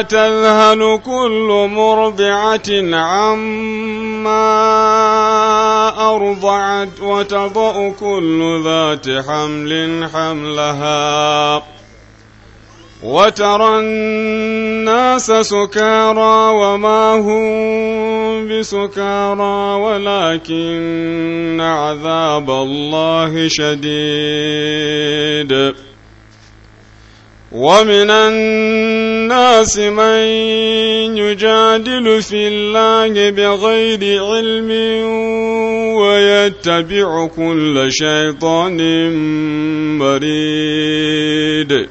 تذهل كل مرضعة عما أرضعت وتضع كل ذات حمل حملها وترى الناس سكارى وما هم بسكارى ولكن عذاب الله شديد ومن الناس من يجادل في الله بغير علم ويتبع كل شيطان مريد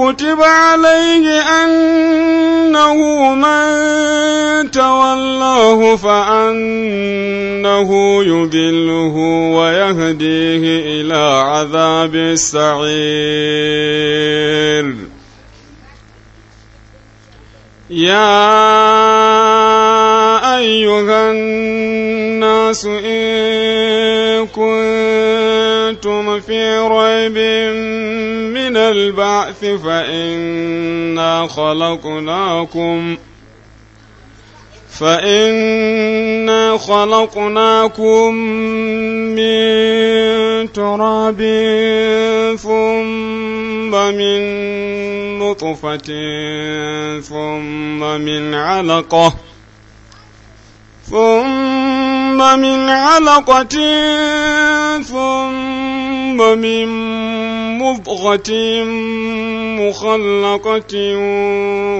كتب عليه أنه من تولاه فأنه يذله ويهديه إلى عذاب السعير يا أيها الناس إن كنتم في ريب من البعث فإنا خلقناكم ۖ فإنا خلقناكم من تراب ثم من نطفة ثم من علقة ثم من علقة ثم من مضغة مخلقة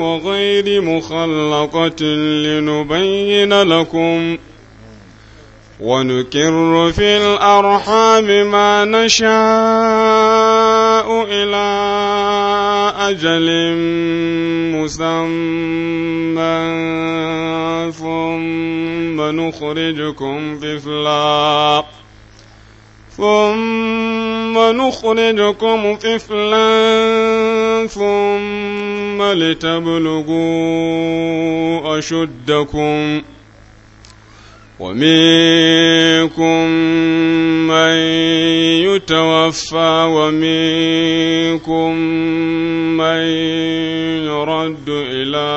وغير مخلقة لنبين لكم ونكر في الأرحام ما نشاء إلى أجل مسمى ثم نخرجكم طفلا ثم نخرجكم طفلا ثم لتبلغوا أشدكم ۖ ومنكم من يتوفى ومنكم من يرد إلى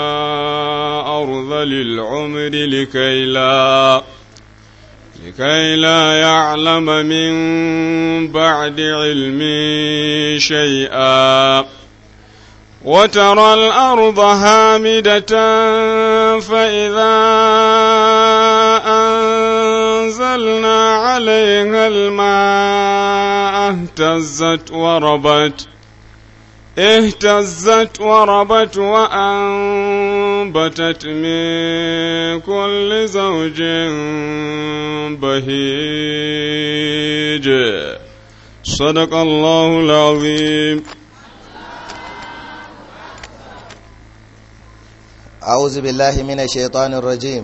أرض العمر لكي لا لكي لا يعلم من بعد علم شيئا وترى الأرض هامدة فإذا أنزلنا عليها الماء اهتزت وربت اهتزت وربت وأنبتت من كل زوج بهيج صدق الله العظيم أعوذ بالله من الشيطان الرجيم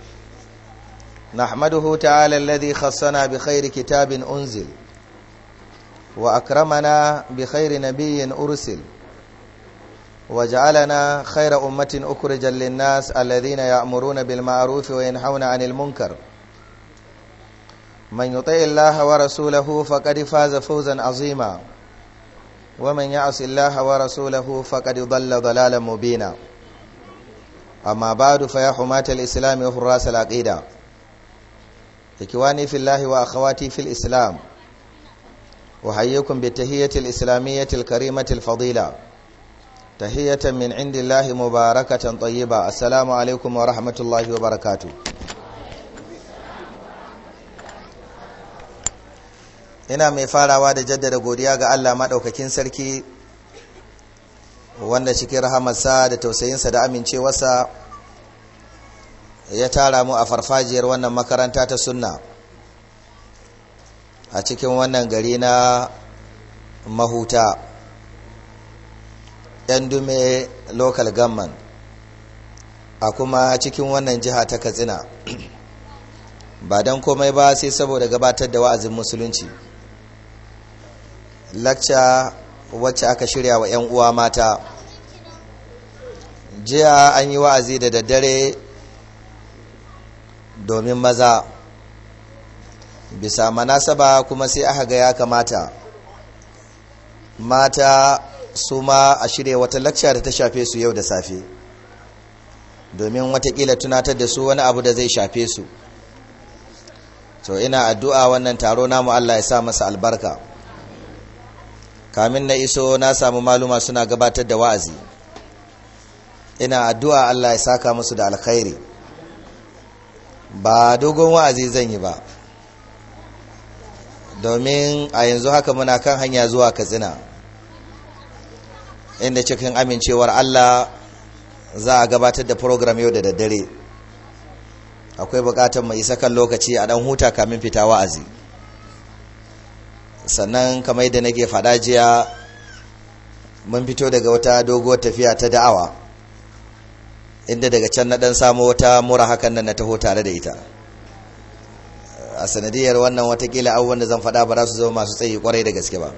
نحمده تعالى الذي خصنا بخير كتاب أنزل وأكرمنا بخير نبي أرسل وجعلنا خير أمة أخرجا للناس الذين يأمرون بالمعروف وينحون عن المنكر من يطيع الله ورسوله فقد فاز فوزا عظيما ومن يعص الله ورسوله فقد ضل ضلالا مبينا أما بعد فيا حماة الإسلام وحراس العقيده ikiwani fillahi wa akhawati fil islam uhayyukum bi tahiyatil islamiyatil karimatil fadila tahiyatan min indillahi mubarakatan tayyiba assalamu wa rahmatullahi wa barakatuh ina mai farawa da jaddada godiya ga Allah maɗaukakin sarki wanda cikin rahamarsa da tausayinsa da amincewarsa ya tara mu a farfajiyar wannan makaranta ta sunna a cikin wannan gari na mahuta yan dume local government a kuma cikin wannan jiha ta katsina ba don komai ba sai saboda gabatar da wa'azin musulunci lakca wacce aka shirya wa 'yan uwa mata jiya an yi wa'azi da daddare domin maza bisa manasaba kuma sai aka ga ya kamata mata su ma a shirya wata lacca da ta shafe su yau da safe domin watakila tunatar da su wani abu da zai shafe su to ina addu'a wannan taro namu Allah ya sa masa albarka kamin na iso na samu maluma suna gabatar da wa'azi ina addu'a Allah ya saka musu da alkhairi ba dogon wa'azi zan yi ba domin a yanzu haka muna kan hanya zuwa katsina inda cikin amincewar allah za a gabatar da program yau da daddare akwai bukatar mai isa kan lokaci a dan huta kamin fita wa'azi sannan kamar da nake faɗa jiya mun fito daga wata doguwar tafiya ta da'awa inda daga can na dan samu wata mura hakan nan na taho tare da ita a sanadiyar wannan watakila abubuwan da zan faɗa ba za su zama masu tsayi kwarai da gaske ba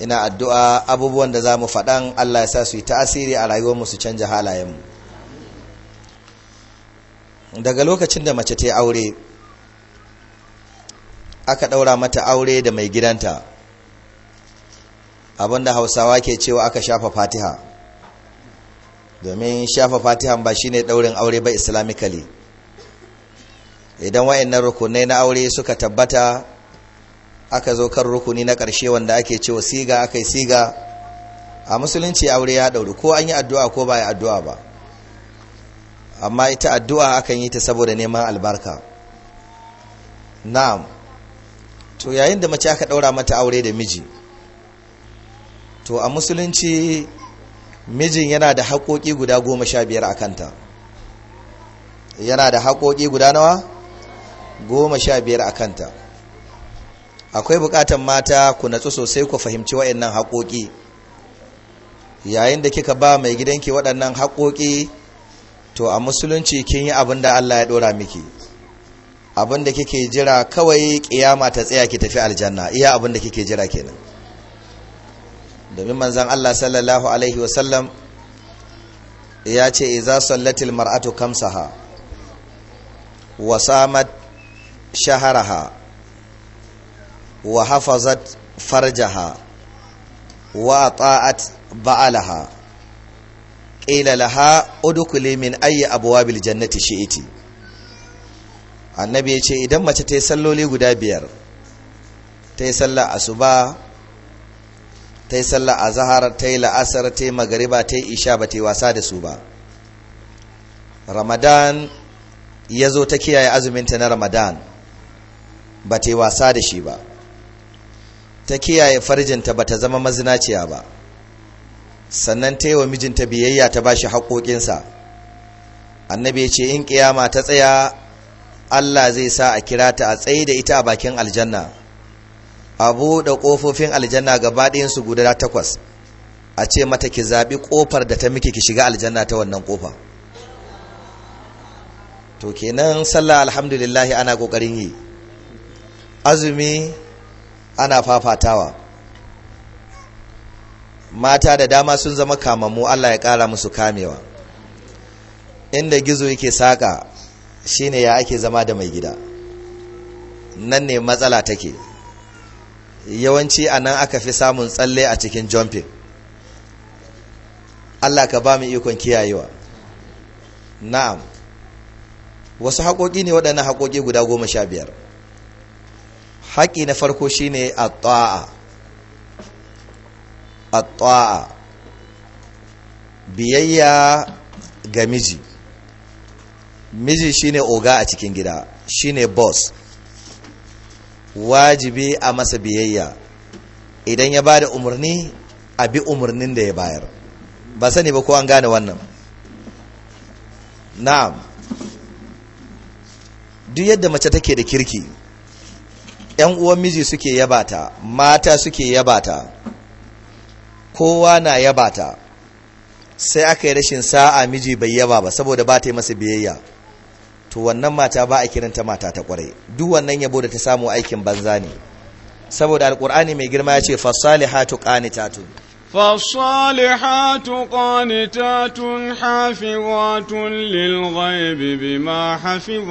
ina addu'a abubuwan da za mu faɗan Allah ya sa su yi ta'asiri a rayuwar mu su canja halayenmu daga lokacin da mace ta yi aure aka ɗaura mata aure da mai gidanta abinda hausawa ke cewa aka shafa fatiha domin shafa fatihan ba shine daurin aure ba islamically idan wayannan rukunai na aure suka tabbata aka zo kan rukuni na ƙarshe wanda ake cewa siga aka yi siga a musulunci aure ya dauri ko an yi addu'a ko ba yi addu'a ba amma ita addu'a akan yi ta saboda neman albarka na'am to yayin da mace aka ɗaura mata aure da miji to a musulunci mijin yana da haƙoƙi guda goma sha biyar a kanta yana da haƙoƙi guda nawa goma sha biyar a kanta akwai buƙatan mata ku natsu sosai ku fahimci waɗannan haƙoƙi yayin da kika ba mai gidanki waɗannan haƙoƙi to a musulunci kin yi abin da Allah ya ɗora miki abin da kike jira kawai ƙiyama ta tsaya ki tafi aljanna iya abin da kike jira kenan domin manzan Allah sallallahu alaihi wasallam ya ce iza sallatil mar'atu kamsaha wa samat shaharaha wa hafazat farjaha wa ta'at ba'alaha qila laha udkhuli min abuwa bil jannati shi'iti annabi ya ce idan mace ta yi salloli guda biyar ta yi sallar asuba ta yi sallah a zahar ta yi la'asar ta yi magariba ta yi isha ba ta yi wasa da su ba ramadan ya zo ta kiyaye azuminta na ramadan ba ta yi wasa da shi ba ta kiyaye farjinta ba ta zama mazinaciya ba sannan ta yi wa mijinta biyayya ta ba shi haƙoƙinsa annabi ya ce in ƙiyama ta tsaya allah zai sa a kira ta a tsaye da ita a bakin aljanna a buɗe ƙofofin aljanna gaba su guda takwas a ce mata ki zaɓi ƙofar da ta miki ki shiga aljanna ta wannan ƙofa to kenan sallah alhamdulillahi ana ƙoƙarin yi azumi ana fafatawa mata da dama sun zama kamammu Allah ya ƙara musu kamewa inda gizo yake saƙa shine ya ake zama da mai gida nan ne matsala take yawanci a nan aka fi samun tsalle a cikin jumping Allah ka ba mu ikon kiyayewa na'am wasu haƙoƙi ne waɗannan haƙoƙi guda goma sha biyar haƙi na farko shine a ta'a a ta'a biyayya ga miji miji shine oga a cikin gida shine boss wajibi a masa biyayya idan ya bada umarni a bi umarnin da ya bayar ba sani ba ko an gane wannan na'am duk yadda mace take da kirki yan uwan miji suke yabata mata suke yabata kowa na yabata sai aka yi rashin sa'a miji bai yaba ba saboda ba ta yi masa biyayya to wannan mata ba a kiranta mata ta kwarai duk wannan yabo da ta samu aikin banza ne saboda alkur'ani mai girma ya ce fasalihatu qanitatun fasalihatu qanitatun hafizatun للغيب بما حفظ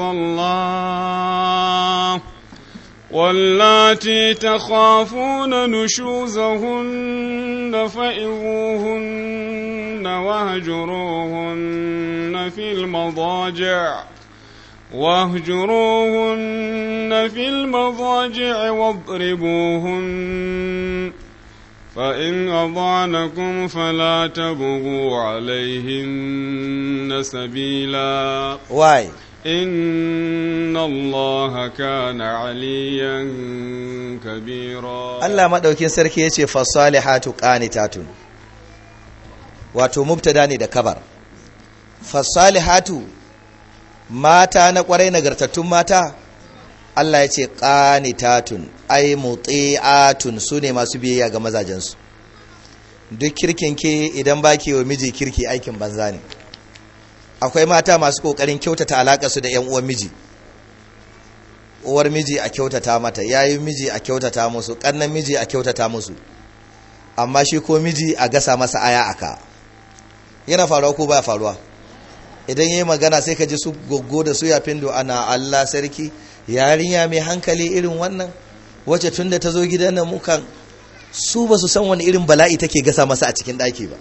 واللاتي تخافون نشوزهن فإغوهن واهجروهن في المضاجع واهجروهن في المضاجع واضربوهن فإن أضعنكم فلا تبغوا عليهن سبيلا واي إن الله كان عليا كبيرا الله ما دوكين سركي يشي فالصالحات قانتات واتو مبتدا ني ده كبر فالصالحات mata na kwarai nagartattun mata Allah ya ce qanitatun ay muti'atun sune masu biyayya ga mazajensu duk kirkin ke idan baki wa miji kirki aikin banza ne akwai mata masu kokarin kyautata alakar su da yan uwan miji uwar miji a kyautata mata yayi miji a kyautata musu kannan miji a kyautata musu amma shi ko miji a gasa masa aya aka yana faruwa ko baya faruwa idan ya yi magana sai ka ji su goggo da su yafin do ana Allah sarki yarinya mai hankali irin wannan wacce tunda ta zo gidan nan mukan su ba su san wani irin bala'i take gasa masa a cikin ɗaki ba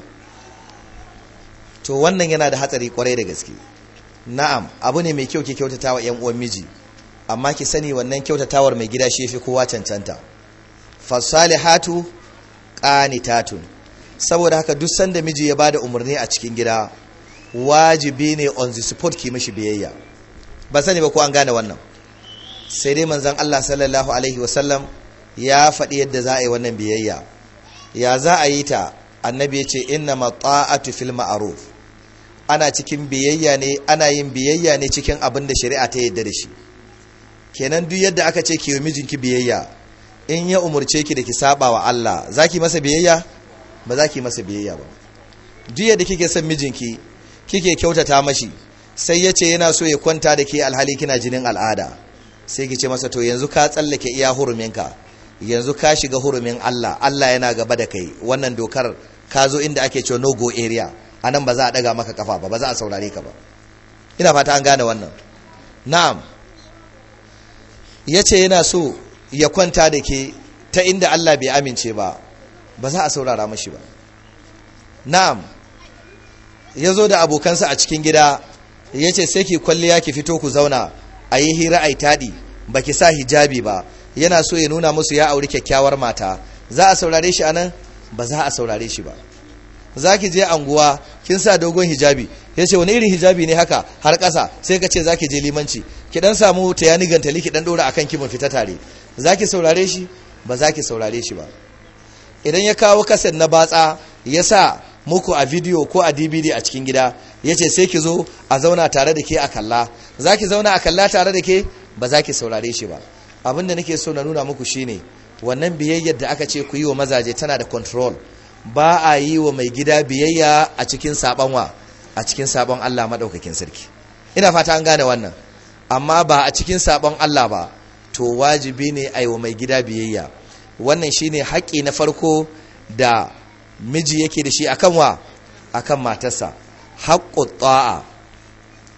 to wannan yana da hatsari kwarai da gaske na'am abu ne mai kyau ke kyautata wa 'yan uwan miji amma ki sani wannan kyautatawar mai gida shi fi kowa cancanta fasalihatu qanitatun saboda haka duk sanda miji ya bada umarni a cikin gida wajibi ne on the support ki mishi biyayya ba sani ba ko an gane wannan sai dai manzon Allah sallallahu alaihi wasallam ya faɗi yadda za a yi wannan biyayya ya za a yi ta annabi ya ce inna ta'atu fil ma'ruf ana cikin biyayya ne ana yin biyayya ne cikin abin da shari'a ta yarda da shi kenan duk yadda aka ce ki yi mijinki biyayya in ya umurce ki da ki saba wa Allah zaki masa biyayya ba zaki masa biyayya ba duk yadda kike son mijinki kike kyautata mashi sai ya ce yana so ya kwanta da ke alhali kina jinin al'ada sai ki ce masa to yanzu ka tsallake iya huruminka yanzu ka shiga hurumin Allah Allah yana gaba da kai wannan dokar ka zo inda ake cewa no go area anan ba za a daga maka kafa ba ba za a saurare ka ba ina fata an gane wannan na'am yace yana so ya kwanta da ke ta inda Allah bai amince ba ba za a saurara mashi ba na'am ya zo da abokansa a cikin gida ya ce sai ki kwalliya ki fito ku zauna a yi hira a yi taɗi ba ki sa hijabi ba yana so ya nuna musu ya auri kyakkyawar mata za a saurare shi a nan ba za a saurare shi ba za ki je anguwa kin sa dogon hijabi ya ce wani irin hijabi ne haka har ƙasa sai ka ce za ki je limanci ki dan samu ta yani gantali ki dan ɗora kan ki mun fita tare za ki saurare shi ba za ki saurare shi ba idan ya kawo kaset na batsa ya sa muku a video ko a dvd a cikin gida ya ce sai ki zo a zauna tare da ke a kalla za ki zauna a kalla tare da ke ba za ki saurare shi ba abin da nake so na nuna muku shine wannan biyayyar da aka ce ku yi wa mazaje tana da control ba a yi wa mai gida biyayya a cikin sabon wa a cikin sabon Allah madaukakin sarki ina fata an gane wannan amma ba a cikin sabon Allah ba to wajibi ne a yi wa mai gida biyayya wannan shine haƙƙi na farko da miji yake da shi akan wa akan matarsa Haƙƙo ta'a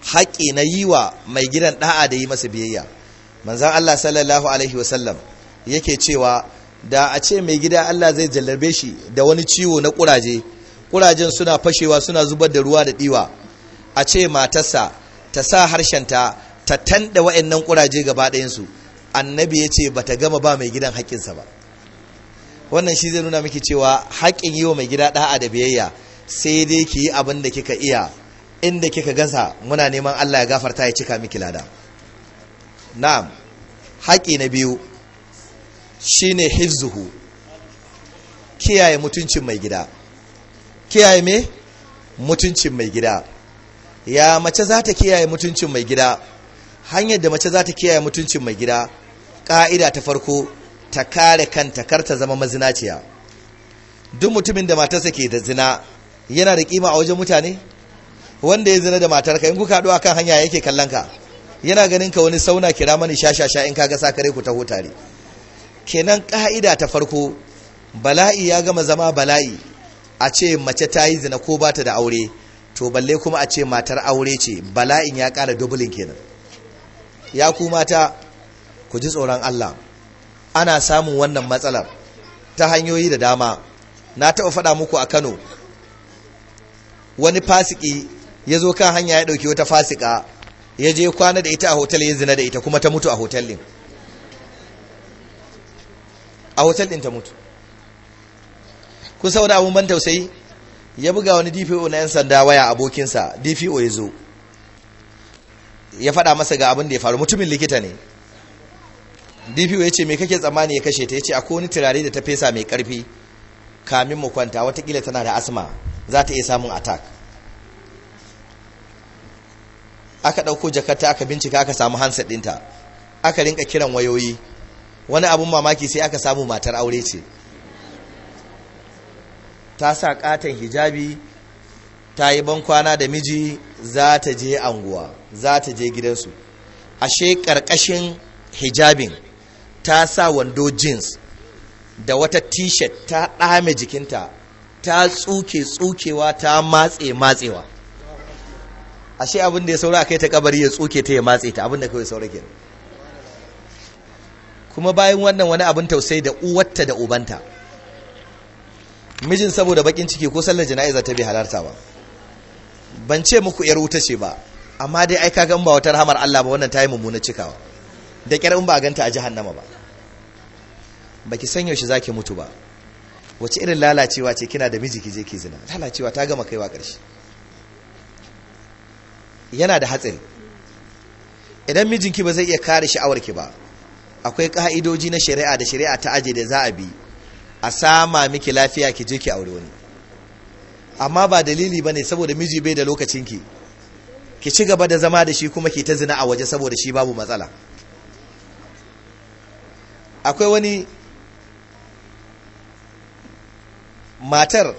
Haƙƙi na yi wa mai gidan da'a da yi masa biyayya manzan Allah sallallahu alaihi wasallam yake cewa da a ce mai gida Allah zai jallabe shi da wani ciwo na ƙuraje, ƙurajen suna fashewa suna zubar da ruwa da ɗiwa, a ce matarsa ta sa harshenta ta tanda wa'annan ƙuraje gaba ɗayansu annabi ya ce ba ta gama ba mai gidan haƙƙinsa ba wannan shi zai nuna miki cewa haƙƙin yi wa mai gida ɗa'a da biyayya sai dai ki yi abin da kika iya inda kika gasa muna neman Allah ya gafarta ya cika miki lada na'am haƙi na biyu shine hizzuhu kiyaye mutuncin mai gida kiyaye me mutuncin mai gida ya mace za ta kiyaye mutuncin mai gida hanyar da mace za ta kiyaye mutuncin mai gida ƙa'ida ta farko ta kare kanta kar ta zama mazinaciya duk mutumin da matarsa ke da zina yana da kima a wajen mutane wanda ya zina da matar ka? in kuka haɗu akan hanya yake kallon ka yana ganin ka wani sauna kira mani shashasha in ka kaga sakare ku taho tare kenan ka'ida ta farko bala'i ya gama zama bala'i a ce mace ta yi zina ko bata da aure to balle kuma a ce matar aure ce bala'in ya ƙara dubulin kenan ya ku mata ku ji tsoron Allah ana samun wannan matsalar ta hanyoyi da dama na taɓa faɗa muku a kano wani fasiki ya zo kan hanya ya ɗauki wata fasika ya je kwana da ita a hotel ya zina da ita kuma ta mutu a hotel ɗin a hotel ɗin ta mutu kun saboda abun ban tausayi ya buga wani dpo na 'yan sanda waya abokinsa dpo ya zo ya faɗa masa ga abin da ya faru mutumin likita ne DPO ya ce me kake tsammani ya kashe ta ya ce a kowani turare da ta fesa mai karfi kamin mu kwanta watakila tana da asma za ta iya samun attack aka ɗauko jakarta aka bincika aka samu hansa ɗinta aka rinka kiran wayoyi wani abun mamaki sai aka samu matar aure ce ta sa katon hijabi ta yi bankwana da miji za ta je anguwa za ta je gidansu ashe ƙarƙashin hijabin ta sa wando jeans da wata t-shirt ta ɗame jikinta ta tsuke tsukewa ta matse matsewa ashe abin da ya saura kai ta kabari ya tsuke ta ya matse ta abin da kawai saura ke kuma bayan wannan wani abin tausayi da uwarta da ubanta mijin saboda bakin ciki ko sallar jana'iza ta bi halarta ba ban ce muku yar wuta ce ba amma dai ai kaga in ba wata rahamar Allah ba wannan ta yi mummuna cikawa da kyar in ba a ganta a jahannama ba baki san yaushe zaki mutu ba wace irin lalacewa ce kina da miji ki je ki zina lalacewa ta gama kaiwa ƙarshe yana da hatsari idan mijinki ba zai iya kare sha'awar ki ba akwai ka'idoji na shari'a da shari'a ta aje da za a bi a sama miki lafiya ki je ki aure wani amma ba dalili ba ne saboda miji bai da lokacinki ki ci gaba da zama da shi kuma ki ta zina a waje saboda shi babu matsala akwai wani matar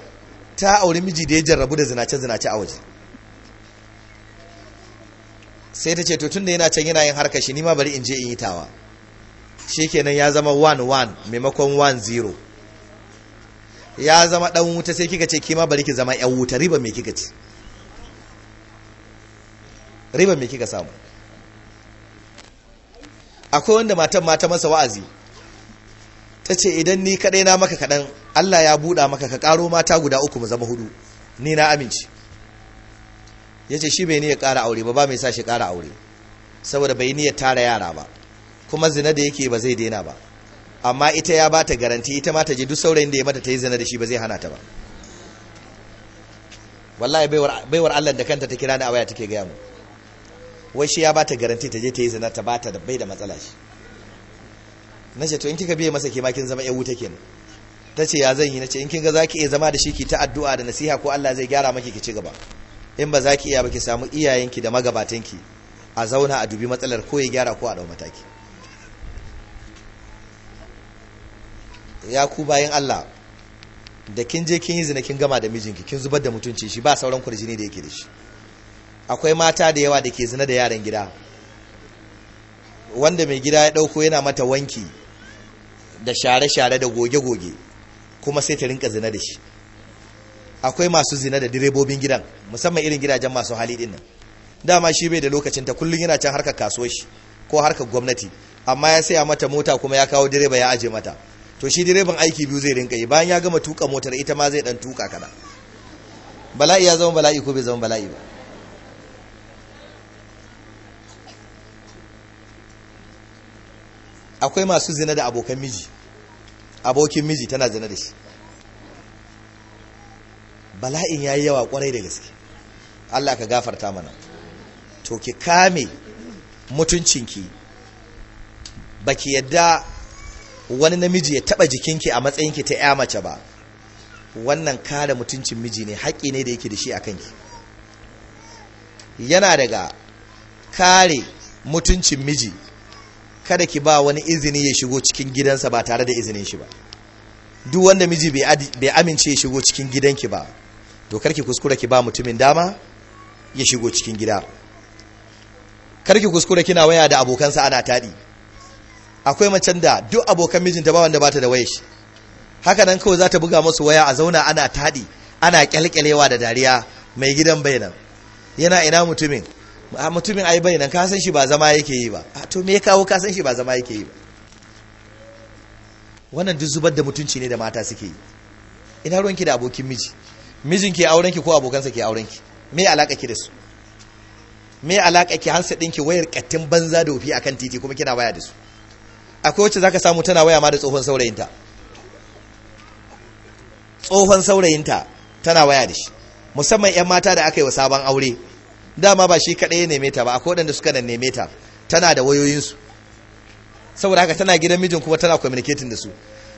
ta auri miji da ya jarrabu da zinace-zinace a waje sai ta ce to tun da yana can yana yin harkar shi nima bari in je in yi tawa shi kenan ya zama 1-1 maimakon 1-0 ya zama dan wuta sai kika ce kima bari ki zama yan wuta riba mai kika ci riba mai kika samu akwai wanda matan mata masa wa'azi ta ce idan ni kadai na maka kaɗan Allah ya buɗa maka ka ƙaro mata guda uku mu zama hudu ni na amince ya ce shi bai niyyar ƙara aure ba ba mai sa shi ƙara aure saboda bai niyyar tara yara ba kuma zina da yake ba zai daina ba amma ita ya bata garanti ita ma ta je duk saurayin da ya mata ta yi zina da shi ba zai hana ta ba wallahi baiwar Allah da kanta ta kira ni a waya take gaya mu wai shi ya bata garanti ta je ta yi zina ta bata da bai da matsala shi na ce to in kika biye masa ke makin kin zama yan wuta kenan ta ce ya zan yi na ce in kin ga za ki iya zama da shi ki ta addu'a da nasiha ko Allah zai gyara maki ki ci gaba in ba za ki iya ba ki samu iyayenki da magabatanki a zauna a dubi matsalar ko ya gyara ko a ɗau mataki ya ku bayan Allah da kin je kin yi zina kin gama da mijinki kin zubar da mutunci shi ba sauran ne da yake da shi akwai mata da yawa da ke zina da yaran gida wanda mai gida ya dauko yana mata wanki da share-share da goge-goge kuma sai ta rinka zina da shi akwai masu zina da direbobin gidan musamman irin gidajen masu hali din nan dama shi bai da lokacin ta kullun yana can harkar kasuwar shi ko harkar gwamnati amma ya saya mata mota kuma ya kawo direba ya aje mata to shi direban aiki biyu zai rinka yi bayan ya gama tuka motar ita ma zai dan tuka kada bala'i ya zama bala'i ko bai zama bala'i ba akwai masu zina da abokan miji abokin miji tana zina da shi bala'in ya yi yawa kwarai da gaske Allah ka gafarta mana to ki kame mutuncinki baki yadda wani namiji ya taba jikinki a matsayinki ta ya mace ba wannan kare mutuncin miji ne haƙƙi ne da yake da shi a kanki yana daga kare mutuncin miji kada ki ba wani izini ya shigo cikin gidansa ba tare da izinin shi ba duk wanda miji bai amince ya shigo cikin gidanki ba to karki kuskura ki ba mutumin dama ya shigo cikin gida karki kuskura kina waya da abokansa ana taɗi akwai macen da duk abokan mijinta ba wanda bata da waya shi haka nan kawai za ta buga masu waya a zauna ana taɗi ana kyalkyalewa da dariya mai gidan nan yana ina mutumin mutumin a yi bayanan kasan shi ba zama yake yi ba to me ya kawo kasan shi ba zama yake yi ba wannan duk zubar da mutunci ne da mata suke yi ina ruwanki da abokin miji mijin ke aurenki ko abokansa ke aurenki me alaka ki da su me alaka ki hansa dinki wayar kattin banza da wufi akan titi kuma kina waya da su akwai wacce zaka samu tana waya ma da tsohon saurayinta tsohon saurayinta tana waya da shi musamman yan mata da aka yi wa sabon aure dama ba shi kaɗai ya neme ta ba akwai waɗanda suka nan neme ta tana da wayoyinsu saboda haka tana gidan mijin kuma tana communicating da su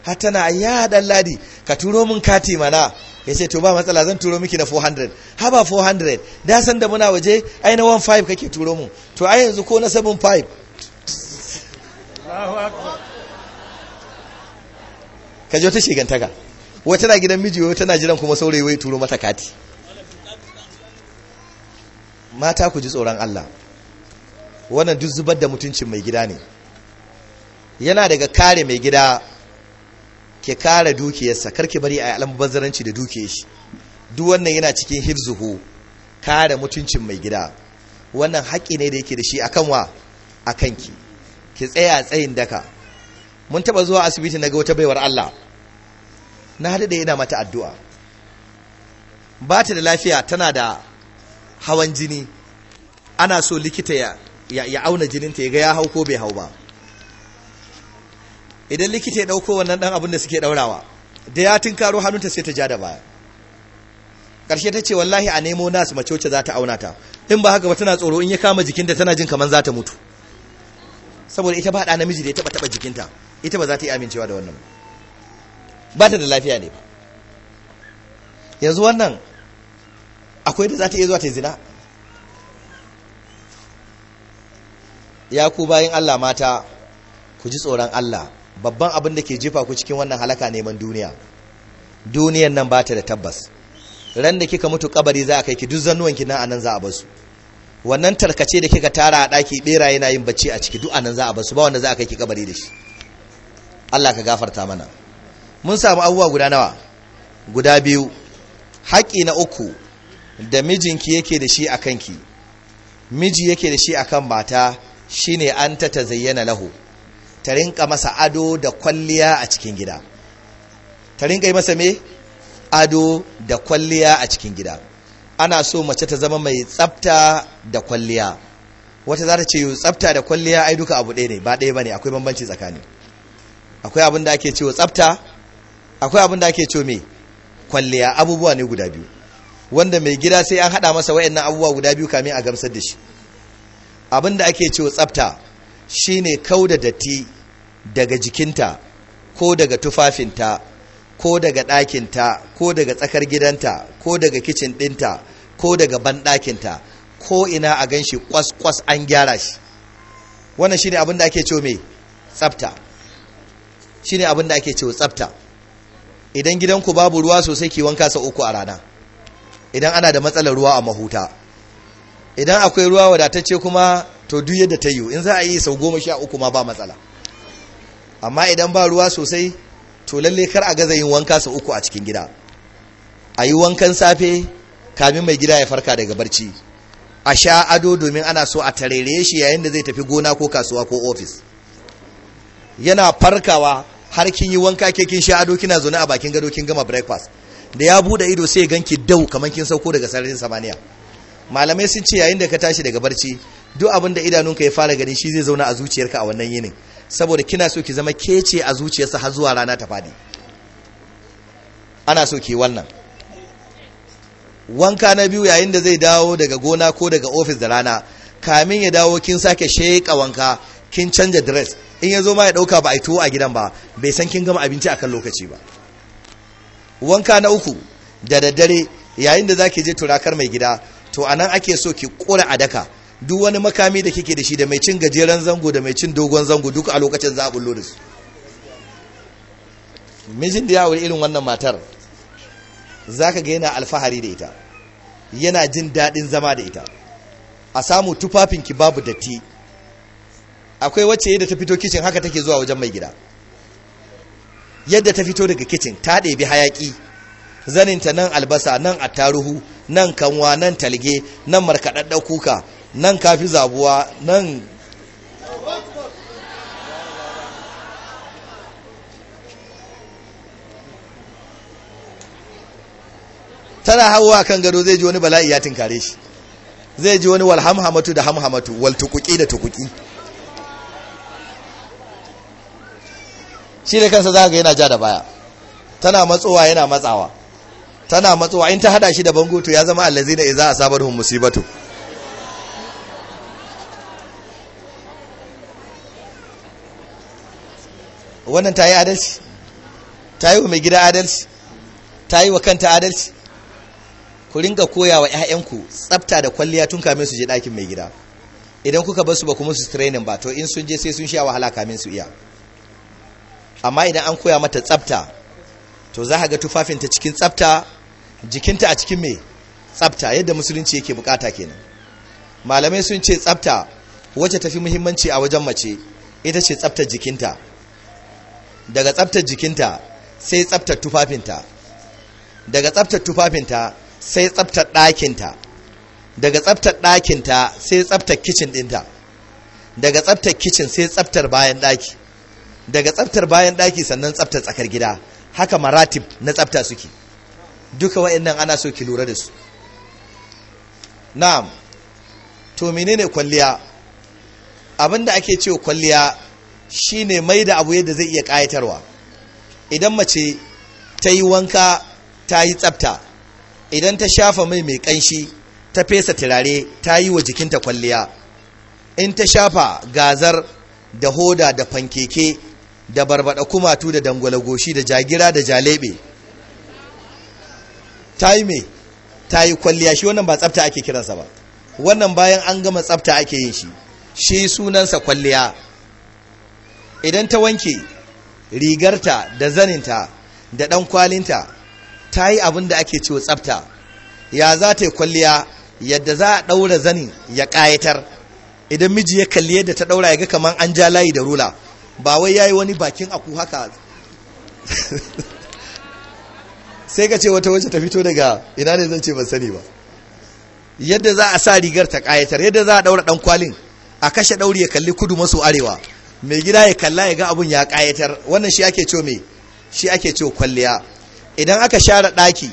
har tana ya dan ladi ka turo min kati mana ya ce to ba matsala zan turo miki na 400 ha ba 400 da san da muna waje ai na 15 kake turo mu to ai yanzu ko na 75 Allahu akbar ka je wata shigantaka wata na gidan miji wata na jiran kuma saurayi wai turo mata kati mata ku ji tsoron Allah wannan duk zubar da mutuncin mai gida ne yana daga kare mai gida ke kare dukiyarsa karki bari a yi almubazzaranci da dukiyar shi duk wannan yana cikin hirzuhu kare mutuncin mai gida wannan haƙƙi ne da yake da shi a kanwa. a kanki ki tsaya tsayin daka mun taɓa zuwa asibiti na ga wata baiwar Allah na haɗu da yana mata addu'a ba ta da lafiya tana da hawan jini ana so likita ya ya auna jininta ya ga ya hau ko bai hau ba idan likita ya dauko wannan dan abin da suke daurawa da ya hannun hannunta sai ta ja da baya karshe ta ce wallahi a nemo nas macoce za ta auna ta in ba haka ba tana tsoro in ya kama jikinta tana jin kaman za ta mutu saboda ita ba da namiji da ya taba taba jikinta ita ba za ta yi amincewa da wannan ba ta da lafiya ne ba yanzu wannan akwai da za ta iya zuwa ta zina ya ku bayan Allah mata ku ji tsoron Allah babban abin da ke jefa ku cikin wannan halaka neman duniya duniyan nan ba ta da tabbas ran da kika mutu kabari za a kai ki duk ki nan anan za a bar su wannan tarkace da kika tara a daki bera yana yin bacci a ciki duk anan za a bar su ba wanda za a kai ki kabari da shi Allah ka gafarta mana mun samu abubuwa guda nawa guda biyu haƙi na uku da mijinki yake da shi a kanki miji yake da shi a kan mata shi ne an ta ta zayyana lahu ta rinka masa ado da kwalliya a cikin gida ta rinka yi masa me ado da kwalliya a cikin gida ana so mace ta zama mai tsafta da kwalliya wata za ta ce tsafta da kwalliya ai duka abu ɗaya ne ba ɗaya ba ne akwai bambanci tsakani akwai abin da ake cewa tsafta akwai abin da ake cewa me kwalliya abubuwa ne guda biyu wanda mai gida sai an haɗa masa wayannan abubuwa guda biyu kamin a gamsar da shi abin da ake cewa tsafta shine kau da datti daga jikinta ko daga tufafinta ko daga ɗakinta ko daga tsakar gidanta ko daga kicin ɗinta ko daga banɗakinta ko ina a gan shi kwas-kwas an gyara shi wannan shine abin da ake cewa mai tsafta shine abin da ake cewa tsafta idan gidanku babu ruwa sosai ki wanka sau uku a rana idan ana da matsalar ruwa a mahuta idan akwai ruwa wadatacce kuma to duk yadda ta yiwu in za a yi sau goma sha uku ma ba matsala amma idan ba ruwa sosai to lalle kar a gaza yin wanka sau uku a cikin gida a yi wankan safe kamin mai gida ya farka daga barci a sha ado domin ana so a tarere shi yayin da zai tafi gona ko kasuwa ko ofis yana farkawa har kin yi wanka ke kin sha ado kina zaune a bakin gado kin gama breakfast da ya bude ido sai ya ganki dau kamar kin sauko daga sararin samaniya malamai sun ce yayin da ka tashi daga barci duk abin da idanunka ya fara gani shi zai zauna a zuciyarka a wannan yinin saboda kina so ki zama kece a zuciyarsa har zuwa rana ta fadi ana so ki wannan wanka na biyu yayin da zai dawo daga gona ko daga ofis da rana kamin ya dawo kin sake sheƙa wanka kin canja dress in ya zo ma ya ɗauka ba a yi tuwo a gidan ba bai san kin gama abinci a kan lokaci ba wanka na uku da daddare yayin da zaki je turakar mai gida to anan ake so ki kura adaka duk wani makami da kike da shi da mai cin gajeren zango da mai cin dogon zango duk a lokacin za a bullo da su mijin da yawon irin wannan matar za ka ga yana alfahari da ita yana jin daɗin zama da ita a samu tufafinki babu datti akwai wacce da ta fito kicin haka take zuwa wajen mai gida yadda ta fito daga kicin ta ɗebi hayaƙi zaninta nan albasa nan attaruhu nan kanwa nan talge nan markaɗaɗɗa kuka nan kafi zabuwa nan tana hawa kan gado zai ji wani bala'i ya tinkare shi zai ji wani walhamhamatu da hamhamatu waltukuki da tukuki shi da kansa za ga yana ja da baya tana matsowa yana matsawa tana matsowa in ta hada shi da bango ya zama na a sabar hun musibatu wannan ta yi adalci ta yi wa mai gida adalci ta yi wa kanta adalci ku ringa koya wa 'ya'yanku tsafta da kwalliya tun kamin su je ɗakin mai gida idan kuka basu ba kuma su training ba to in sun je sai sun sha wahala kamin su iya amma idan an koya mata tsafta to za ka ga tufafinta cikin tsafta jikinta a cikin mai tsafta yadda musulunci yake bukata kenan malamai sun ce tsafta wacce tafi muhimmanci a wajen mace ita ce tsaftar jikinta daga tsaftar jikinta sai tsaftar tufafinta daga tsaftar tufafinta sai tsaftar ɗakinta daga tsaftar ɗakinta sai tsaftar kicin ɗinta daga tsaftar kicin sai tsaftar bayan ɗaki daga tsaftar bayan ɗaki sannan tsaftar tsakar gida haka maratib na tsafta suke duka wa'annan ana so ki lura da su na'am to menene kwalliya abinda ake cewa kwalliya shine mai da abu yadda zai iya kayatarwa idan mace ta yi wanka ta yi tsafta idan ta shafa mai mai ƙanshi ta fesa turare ta yi wa jikinta kwalliya in ta shafa gazar da hoda da fankeke da barbada kumatu da dangwala goshi da jagira da jalebe ta yi me ta yi kwalliya shi wannan ba tsafta ake kiransa ba wannan bayan an gama tsafta ake yin shi shi sunansa kwalliya idan ta wanke rigarta da zaninta da ɗan kwalinta ta yi abin da ake cewa tsafta ya za ta yi kwalliya yadda za a ɗaura zanin ya ƙayatar idan miji ya kalli yadda ta ɗaura ya ga kamar an ja layi da rula ba wai ya yi wani bakin aku haka sai ka ce wata wacce ta fito daga ina ne zan ce ban sani ba yadda za a sa rigar ta kayatar yadda za a daura dan kwalin a kashe dauri ya kalli kudu maso arewa mai gida ya kalla ya ga abun ya kayatar wannan shi ake ce me shi ake ce kwalliya idan aka share daki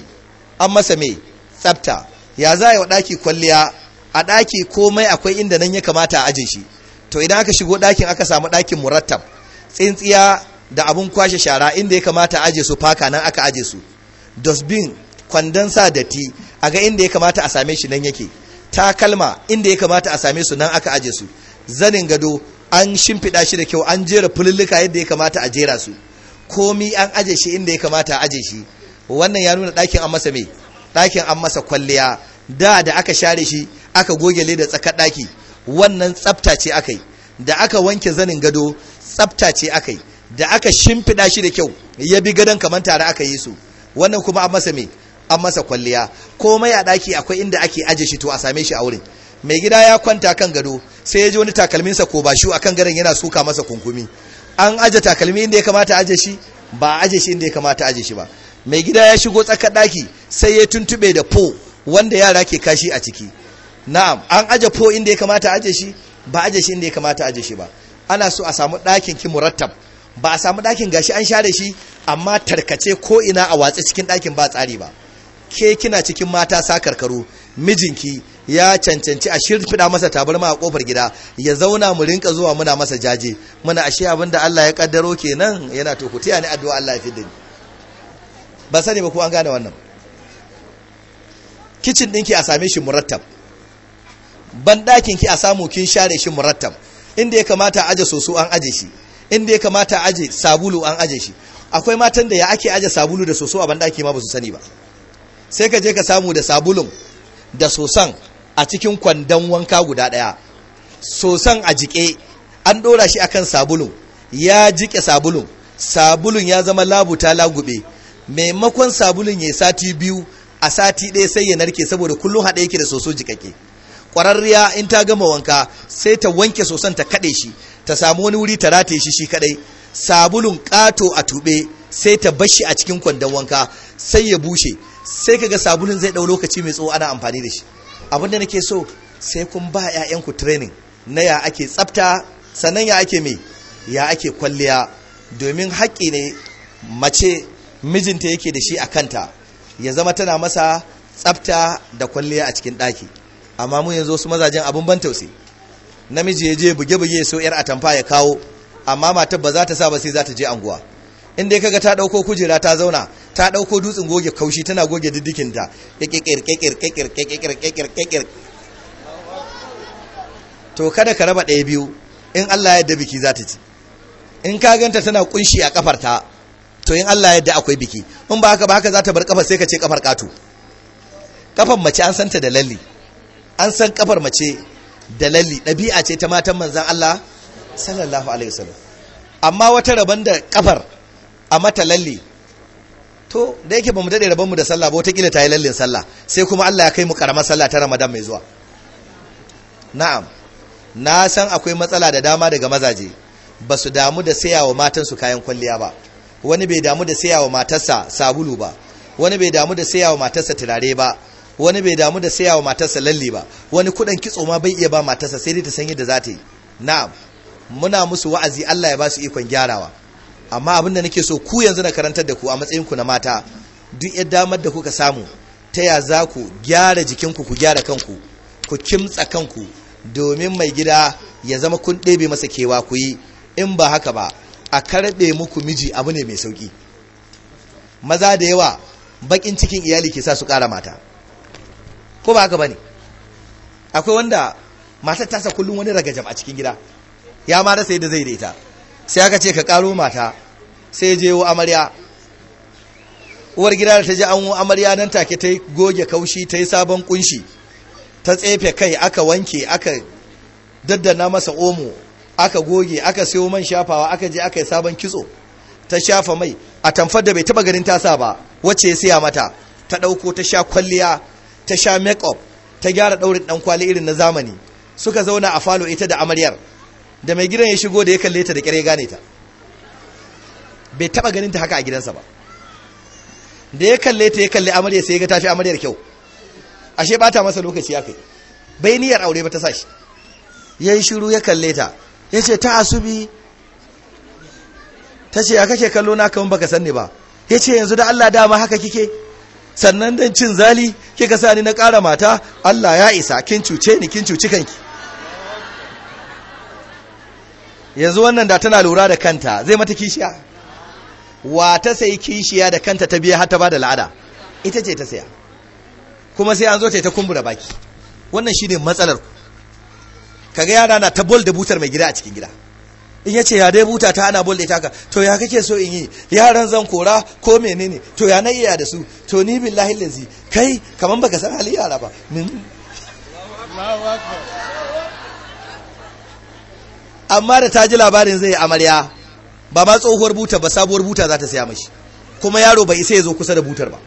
an masa mai tsafta ya za a yi wa daki kwalliya a daki komai akwai inda nan ya kamata a ajin shi to idan aka shigo ɗakin aka samu ɗakin murattab tsintsiya da abun kwashe shara inda ya kamata aje su faka nan aka aje su dustbin kwandon sa datti a ga inda ya kamata a same shi nan yake takalma inda ya kamata a same su nan aka aje su zanin gado an shimfiɗa shi da kyau an jera fululluka yadda ya kamata a jera su komi an aje shi inda ya kamata aje shi wannan ya nuna ɗakin an masa me ɗakin an masa kwalliya da da aka share shi aka goge leda tsakar ɗaki wannan tsafta ce aka yi da aka wanke zanin gado tsafta ce aka yi da aka shimfiɗa shi da kyau ya bi gadon kamar tare aka yi su wannan kuma an masa me an masa kwalliya komai a ɗaki akwai inda ake aje shi to a same shi a wurin mai gida ya kwanta kan gado sai ya ji wani takalminsa ko ba shi a kan gadon yana suka masa kunkumi an aje takalmi inda ya kamata aje shi ba aje shi inda ya kamata aje shi ba mai gida ya shigo tsakar ɗaki sai ya tuntuɓe da po wanda yara ke kashi a ciki na'am an aje po inda ya kamata aje shi ba aje shi inda ya kamata aje shi ba ana so a samu ɗakin ki murattab ba a samu ɗakin gashi an share shi amma tarkace ko ina a watsi cikin ɗakin ba tsari ba ke kina cikin mata sa karkaru mijinki ya cancanci a shirfiɗa masa tabarma a kofar gida ya zauna mu rinka zuwa muna masa jaje muna ashe abin da Allah ya kaddaro kenan yana to ku tiya ni addu'a Allah ya fidda ba sani ba ko an gane wannan kicin ɗinki a same shi murattab Banɗakin ki a samu kin share shi murattab inda ya kamata aje soso an aje shi inda ya kamata aje sabulu an aje shi akwai matan da ya ake aje sabulu da soso a banɗaki ma ba su sani ba sai ka je ka samu da sabulun da sosan a cikin kwandon wanka guda ɗaya sosan a jiƙe, an ɗora shi akan sabulun ya jiƙe sabulun sabulun ya zama labuta lagube maimakon sabulun ya sati biyu a sati ɗaya sai ya narke saboda kullum haɗe yake da soso jikake ƙwararriya in ta gama wanka sai ta wanke soson ta kaɗe shi ta samu wani wuri ta rataye shi shi kaɗai sabulun ƙato a tuɓe sai ta bashi a cikin kwandon wanka sai ya bushe sai kaga sabulun zai ɗau lokaci mai tsawo ana amfani da shi abinda nake so sai kun ba 'ya'yanku training na ya ake tsafta sannan ya ake me ya ake kwalliya domin haƙƙi ne mace mijinta yake da shi a kanta ya zama tana masa tsafta da kwalliya a cikin ɗaki amma mu yanzu wasu mazajen abin ban tausayi namiji ya je buge-buge so yar atamfa ya kawo amma matar ba za ta sa ba sai za ta je anguwa in dai kaga ta dauko kujera ta zauna ta dauko dutsen goge kaushi tana goge diddikin ta to kada ka raba ɗaya biyu in Allah ya biki za ta ci in ka ganta tana kunshi a kafar ta to in Allah ya akwai biki in ba haka ba haka za ta bar kafar sai ka ce kafar katu kafar mace an santa da lalle an san kafar mace da lalli ɗabi'a ce ta matan manzan Allah sallallahu alaihi wasallam amma wata rabon da kafar a mata lalli to da yake bamu daɗe rabon mu da sallah ba wata kila ta yi lallin sallah sai kuma Allah ya kai mu karamar sallah ta Ramadan mai zuwa na'am na san akwai matsala da dama daga mazaje ba su damu da saya wa matan su kayan kwalliya ba wani bai damu da saya wa matarsa sabulu ba wani bai damu da saya wa matarsa turare ba wani bai damu da saya wa matarsa lalle ba wani kuɗin kitso ma bai iya ba matarsa sai dai ta san yadda za ta yi na'am muna musu wa'azi Allah ya ba su ikon gyarawa amma abin da nake so ku yanzu na karantar da ku a matsayin ku na mata duk yadda damar da kuka samu ta ya za ku gyara jikin ku ku gyara kanku ku kimtsa kanku domin mai gida ya zama kun ɗebe masa kewa ku yi in ba haka ba a karɓe muku miji abu ne mai sauƙi maza da yawa baƙin cikin iyali ke sa su ƙara mata ko ba haka bane akwai wanda matar ta sa kullum wani ragajam a cikin gida ya ma rasa yadda zai daita sai aka ce ka karo mata sai je wa amarya uwar gida ta je an amarya nan take ta goge kaushi ta yi sabon kunshi ta tsefe kai aka wanke aka daddana masa omo aka goge aka sayo man shafawa aka je aka yi sabon kitso ta shafa mai a tamfar da bai taba ganin ta sa ba wacce ya siya mata ta ɗauko ta sha kwalliya ta sha make-up ta gyara ɗaurin ɗan kwali irin na zamani suka zauna a falo ita da amaryar da mai gidan ya shigo da ya kalle ta da kyar ya gane ta bai taɓa ganin ta haka a gidansa ba da ya kalle ta ya kalle amaryar sai ya ga tafi amaryar kyau ashe bata masa lokaci ya kai bai niyyar aure ba ta sashi ya yi shiru ya kalle ta ya ce ta asubi ta ce ya kake kallo na kan baka sanni ba ya ce yanzu da Allah dama haka kike sannan dan cin zali kika sa ni na ƙara mata Allah ya isa kin cuce ni kin cuci kanki yanzu wannan da tana lura da kanta zai mata kishiya wa ta sai kishiya da kanta ta biya har ta bada la'ada ita ce ta saya kuma sai an zo ta ta kumbura baki wannan shine matsalar Ka ga yara na ta bol da butar mai gida a cikin gida in ya ce ya dai buta ta ana bolle taka to ya kake so in yi yaran zan kora ko menene to ya na iya da su to ni billahi lazi kai kaman baka san hali yara ba amma da ta ji labarin zai amarya ba ma tsohuwar buta ba sabuwar buta za ta saya mashi kuma yaro bai isa ya zo kusa da butar ba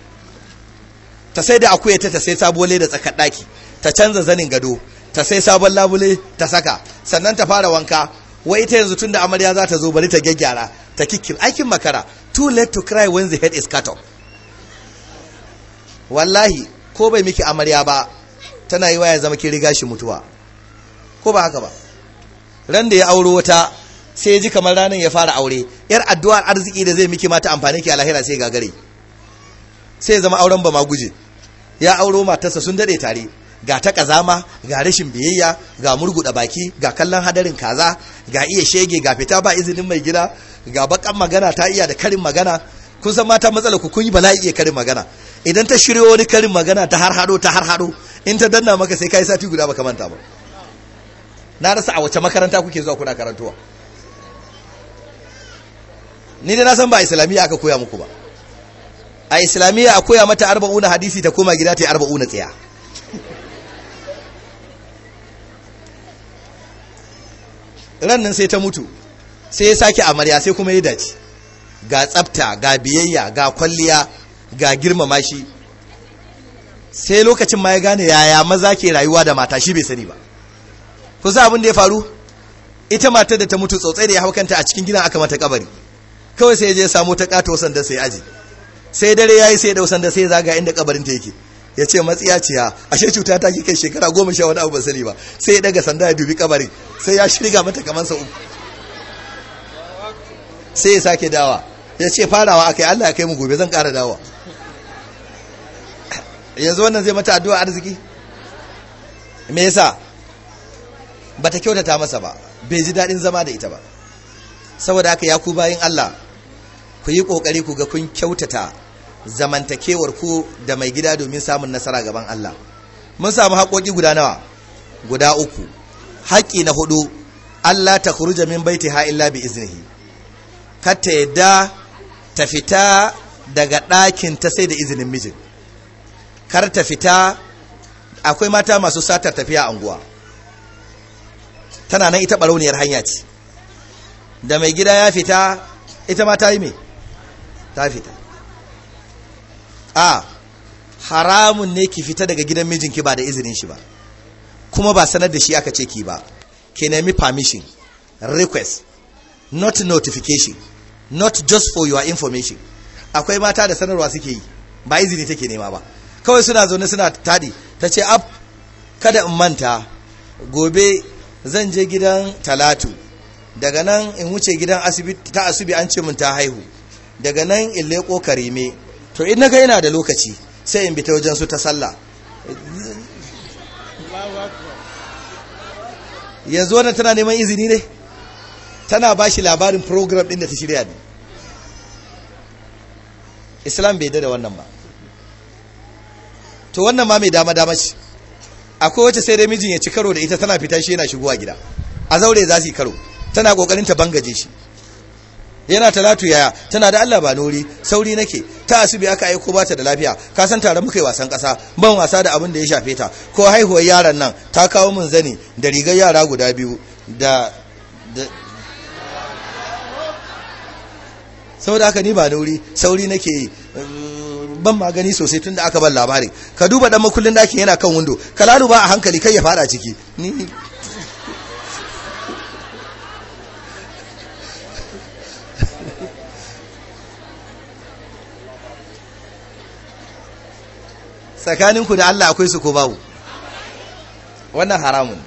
ta sai da akuya ta ta sai sabuwar da tsakar daki ta canza zanin gado ta sai sabon labule ta saka sannan ta fara wanka wai ita yanzu tunda amarya za ta zo bari ta gyaggyara ta kikkin aikin makara too late to cry when the head is cut off wallahi ko bai miki amarya ba tana yi waya zama ki riga shi mutuwa ko ba haka ba ran da ya auro wata sai ji kamar ranar ya fara aure yar addu'ar arziki da zai miki mata amfani ki a lahira sai gagare sai zama auren ba ma guje ya auro matarsa sun dade tare ga ta kazama ga rashin biyayya ga murguda baki ga kallon hadarin kaza ga iya shege ga fita ba izinin mai gida ga bakan magana ta iya da karin magana kun san mata matsala ku kun yi bala'i iya karin magana idan ta shiryo wani karin magana ta har hado ta har hado in ta danna maka sai kai sati guda baka manta ba na rasa a wace makaranta kuke zuwa kuna karantuwa ni da na san ba islamiyya aka koya muku ba a islamiyya a koya mata arba'una hadisi ta koma gida ta yi arba'una tsaya rannan sai ta mutu sai ya sake amarya sai kuma ya dace ga tsabta ga biyayya ga kwalliya ga girmama shi sai lokacin ma ya gane yaya maza ke rayuwa da mata shi bai sani ba ku sa abin da ya faru ita matar da ta mutu tsotsai da ya haukanta a cikin gidan aka mata kabari kawai sai ya je samo ta kato sanda sai aji sai dare yayi sai ya dau sanda sai ya zaga inda kabarin ta yake ya ce matsiyaciya ashe cuta ta kai shekara goma sha wani abu ba sani ba sai ya daga sanda ya dubi kabarin sai ya shirga mata kamar sa uku sai ya sake dawa ya ce farawa akai Allah ya kai mu gobe zan kara dawa yanzu wannan zai mata addu'a arziki me yasa bata kyautata masa ba bai ji daɗin zama da ita ba saboda haka ya ku bayin Allah ku yi kokari ku ga kun kyautata zamantakewar ku da mai gida domin samun nasara gaban Allah mun samu haƙoƙi guda nawa guda uku haƙƙi na hudu Allah ta kuruja min baiti ha illa bi iznihi kata yadda ta fita daga ɗakin ta sai da izinin mijin kar ta fita akwai mata masu satar tafiya a unguwa. tana nan ita barauniyar hanya ce da mai gida ya fita ita ma yi me ta fita a haramun ne ki fita daga gidan mijinki ba da izinin shi ba kuma ba sanar da shi aka ce ki ba ki nemi permission request not notification not just for your information akwai mata da sanarwa suke yi ba izini take nema ba kawai suna zaune suna tadi ta ce ab kada in manta gobe zan je gidan talatu daga nan in wuce gidan asibiti ta asibi an ce mun ta haihu daga nan in leko karime to in naga yana da lokaci sai in bi ta wajen su ta sallah yanzu wannan tana neman izini ne tana ba shi labarin program ɗin da ta shirya ne islam bai da wannan ba to wannan ma mai dama dama ce akwai wacce sai dai mijin ya ci karo da ita tana fita shi yana shigowa gida a zaure za su yi karo tana kokarin ta bangaje shi yana talatu yaya tana da Allah ba nori sauri nake ta asibi aka aiko ba ta da lafiya ka san tare muka wasan kasa ban wasa da abin da ya shafe ta ko haihuwar yaran nan ta kawo min zani da rigar yara guda biyu da saboda haka ni ba nori sauri nake yi ban magani sosai tunda aka ban labari ka duba dan makullin dakin yana kan windo ka laluba a hankali kai ya fada ciki ni tsakaninku da Allah akwai su ko babu wannan haramun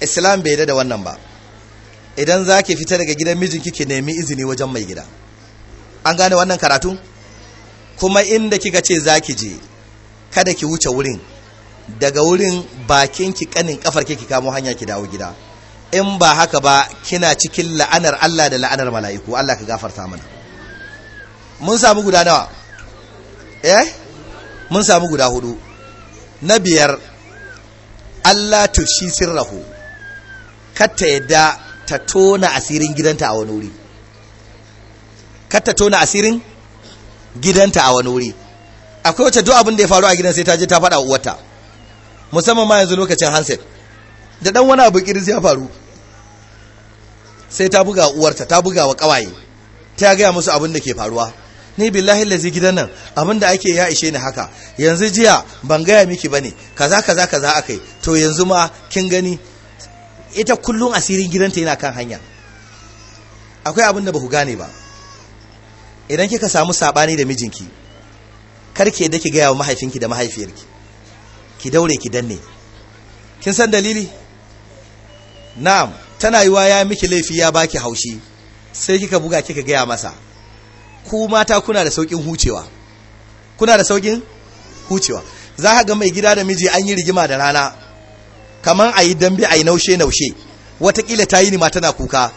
islam bai da wannan ba idan za ki fita daga gidan mijinki ki nemi izini wajen mai gida an gane wannan karatu kuma inda kika ce za ki je kada ki wuce wurin daga wurin bakin ki kanin kafar ki kamo hanya ki dawo gida in ba haka ba kina cikin la'anar Allah da la'anar mala'iku Allah ka gafarta mana mun samu guda nawa eh mun samu guda hudu na biyar Allah shi sirrahu katta yadda ta tona asirin gidanta a wani wuri katta tona asirin gidanta a wani wuri akwai wacce duk abinda ya faru a gidan sai ta je ta fada uwarta musamman ma yanzu lokacin hanset da dan wani abu kiris ya faru sai ta buga uwarta ta buga wa kawaye ta gaya musu abin da ke faruwa ni billahi lazi gidan nan abinda ake ya ishe ni haka yanzu jiya ban gaya miki bane kaza kaza kaza akai to yanzu ma kin gani ita kullun asirin gidanta yana kan hanya akwai abin da ba ku gane ba idan kika samu sabani da mijinki kar ki yadda ki gaya wa mahaifinki da mahaifiyarki ki daure ki danne kin san dalili na'am tana yiwa ya miki laifi ya baki haushi sai kika buga kika gaya masa ku mata kuna da saukin hucewa kuna da saukin hucewa za ka ga mai gida da miji an yi rigima da rana kamar a yi dambe a yi naushe naushe watakila ta yi ni ma tana kuka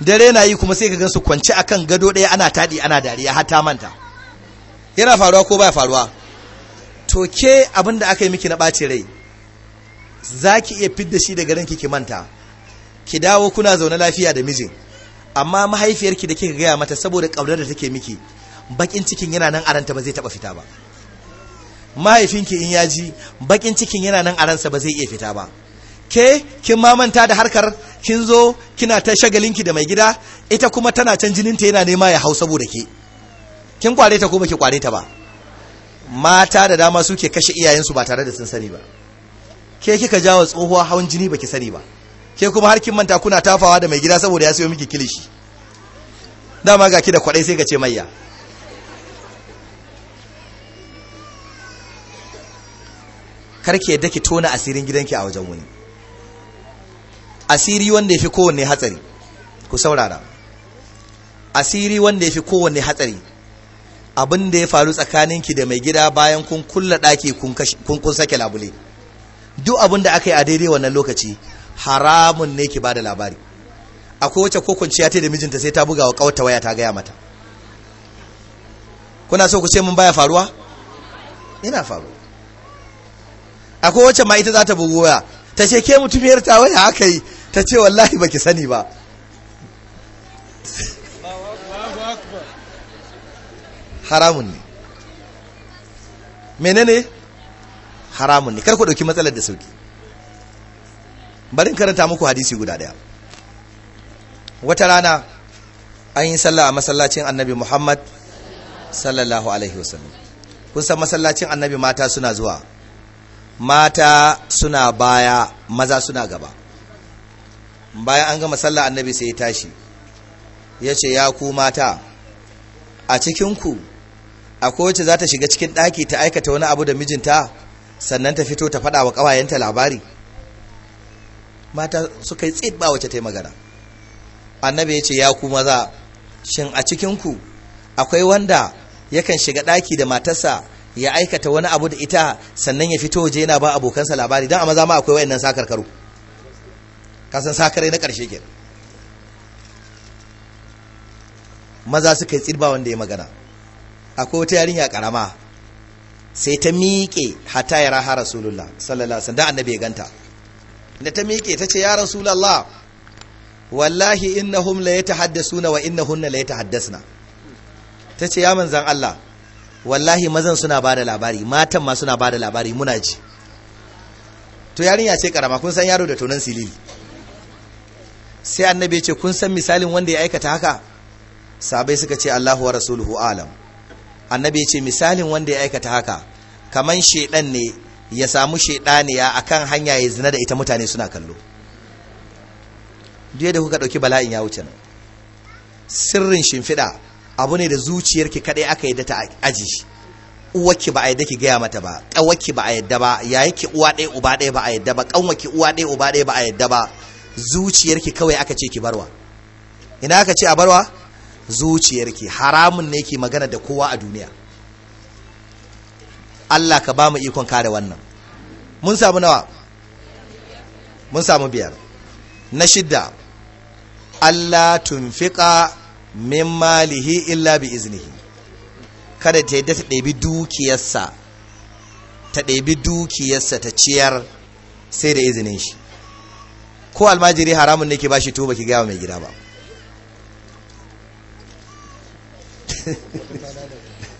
dare na yi kuma sai ka gansu kwance kan gado ɗaya ana taɗi ana dariya har ta manta yana faruwa ko baya faruwa to ke abin da aka yi miki na ɓaci rai za ki iya fidda shi daga ranki ki manta ki dawo kuna zaune lafiya da mijin amma mahaifiyarki da kika gaya mata saboda ƙaunar da take miki bakin cikin yana nan ranta ba zai taɓa fita ba mahaifinki in ya ji bakin cikin yana nan aransa ba zai iya fita ba ke kin mamanta da harkar kin zo kina ta shagalinki da mai gida ita kuma tana can jininta yana nema ya hau saboda ke kin kware ta ko baki kware ta ba mata da dama suke kashe iyayensu ba tare da sun sani ba ke kika jawo tsohuwa hawan jini baki sani ba ke kuma har kin manta kuna tafawa da mai gida saboda ya sayo miki kilishi dama ga ki da kwadai sai ka ce mayya karke yadda ki tona asirin gidanki a wajen wani asiri wanda ya fi kowanne hatsari ku saurara asiri wanda ya fi kowanne hatsari abin da ya faru tsakaninki da mai gida bayan kun kulla ɗaki kun sake labule duk abin da aka yi a daidai wannan lokaci haramun ne ki da labari akwai wacce ko kwanciya ta da mijinta sai ta buga wa kawata waya ta gaya mata kuna so ku ce mun baya faruwa ina faruwa akwai wacce ma ita za ta bugu waya ta ce ke mutumiyar ta waya haka yi ta ce wallahi baki sani ba haramun ne menene haramun ne kar ku dauki matsalar da sauki bari karanta muku hadisi guda daya wata rana an yi sallah a masallacin annabi muhammad sallallahu alaihi wasallam kun san masallacin annabi mata suna zuwa mata suna baya maza suna gaba bayan an gama sallah annabi sai ya tashi ya ce ya ku mata a cikinku akwai wacce za ta shiga cikin ɗaki ta aikata wani abu da mijinta sannan ta fito ta faɗa wa ƙawayenta labari mata suka yi tsit ba wace ta yi magana annabi ya ce ya ku maza shin a cikinku akwai wanda yakan shiga ɗaki da matarsa ya aikata wani abu da ita sannan ya fito waje yana ba abokansa labari don a maza ma akwai wayannan karo kasan sakare na ƙarshe ke maza suka yi tsirba wanda ya magana akwai wata yarinya ƙarama sai ta miƙe hata ya raha rasulullah sallallahu alaihi wasallam annabi ya ganta da ta miƙe ta ce ya rasulallah wallahi innahum la yatahaddasuna wa innahunna la yatahaddasna ta ce ya manzan Allah wallahi mazan suna ba da labari matan ma suna ba da labari muna ji to yarinya ce karama kun san yaro da tonan silili sai annabi ya ce kun san misalin wanda ya aikata haka sabai suka ce Allahu wa rasuluhu alam annabi ya ce misalin wanda ya aikata haka kaman shedan ne ya samu shaidaniya kan hanya ya zina da ita mutane suna kallo duk da kuka ɗauki bala'in ya wuce nan sirrin shimfiɗa abu ne da zuciyarki kaɗai aka yadda ta aji shi uwarki ba a yadda ki gaya mata ba ƙawarki ba a yadda ba Yayi ki uwa ɗaya uba ɗaya ba a yadda ba ƙanwarki uwa ɗaya uba ɗaya ba a yadda ba zuciyarki kawai aka ce ki barwa ina aka ce a barwa zuciyarki haramun ne ki magana da kowa a duniya Allah ka ba mu ikon kare wannan mun samu nawa mun samu biyar na shidda Allah tunfiqa min malihi illa bi iznihi kada ta yadda ta ɗebi dukiyarsa ta ɗebi dukiyarsa ta ciyar sai da izinin shi ko almajiri haramun ne ke ba shi tuba ki gaya mai gida ba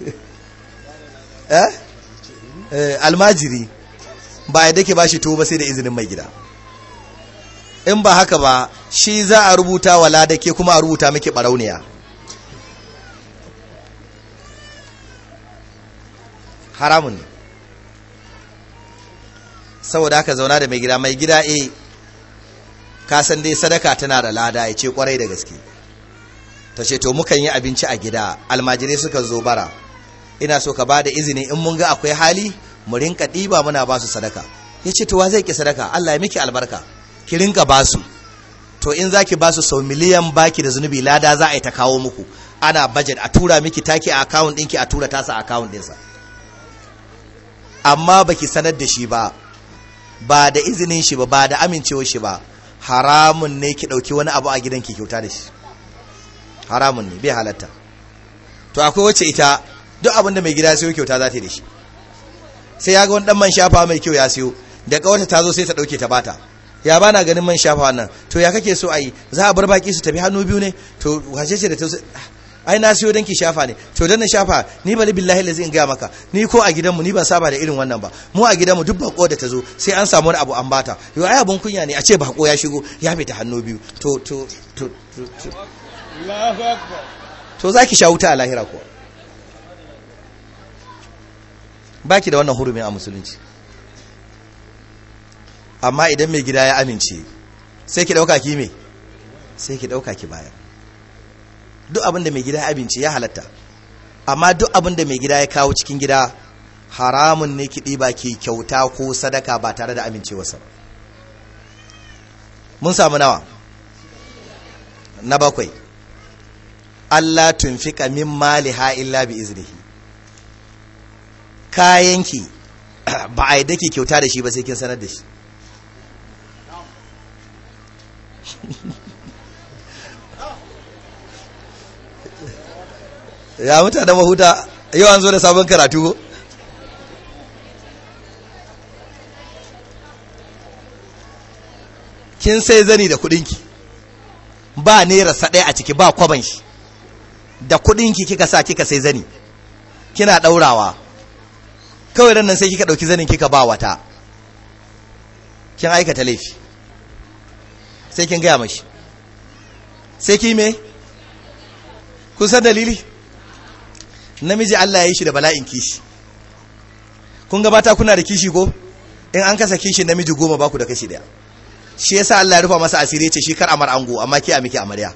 eh Eh, almajiri ba yadda ke shi tuwo ba sai da izinin mai gida in ba haka ba shi za a rubuta wa ladake kuma a rubuta miki barauniya haramun ne saboda haka zauna da mai gida mai gida e eh, kasan dai sadaka tana da lada ya ce kwarai da gaske ta ce to mukan yi abinci a gida almajirai suka zo bara ina so ka bada izini in mun ga akwai hali mu rinka ɗiba muna basu sadaka yace ce to wa zai ki sadaka Allah ya miki albarka ki rinka basu to in zaki basu sau miliyan baki da zunubi lada za a yi ta kawo muku ana budget a tura miki taki a account ɗinki a tura tasa account ɗinsa amma baki sanar da shi ba ba da izinin shi ba ba da amincewar shi ba haramun ne ki ɗauki wani abu a gidanki kyauta da shi haramun ne bai halatta to akwai wacce ita duk abin da mai gida ya kyauta za ta yi da shi sai ya ga wani dan man shafawa mai kyau ya siyo da kawarta ta zo sai ta dauke ta bata ya bana ganin man shafawa nan to ya kake so ayi za a bar baki su tafi hannu biyu ne to wace ce da ta ai na siyo danki shafa ne to dan na shafa ni bali billahi lazi in ga maka ni ko a gidanmu ni ba saba da irin wannan ba mu a gidanmu duk bako da ta zo sai an samu wani abu an bata yo ai abun kunya ne a ce bako ya shigo ya fita hannu biyu to to to to to zaki sha wuta a lahira ko baki da wannan hurumin a musulunci amma idan mai gida ya amince sai ki dauka ki mai sai ki dauka ki baya duk abin da mai gida ya amince ya halatta amma duk abin da mai gida ya kawo cikin gida haramun ne ki ɗiba ki kyauta ko sadaka ba tare da amincewarsa mun samu nawa na bakwai Allah tun fi kamin mali hain labi Izinihi. kayanki ba a yadda ke kyauta da shi ba sai kin sanar da shi ya mutane mahuta yau an zo da sabon karatu ko kin sai zani da kudinki ba naira saɗai a ciki ba kwaban shi da kudinki kika sa kika sai zani kina ɗaurawa kawai ran nan sai kika ɗauki zanin kika ba wata kin aikata laifi sai kin gaya mashi sai ki me kusan dalili namiji Allah ya yi shi da bala'in kishi kun gabata kuna da kishi ko in an kasa kishin namiji goma baku da kashi daya shi yasa Allah ya rufa masa asiri ce shi kar amar ango amma ki miki amarya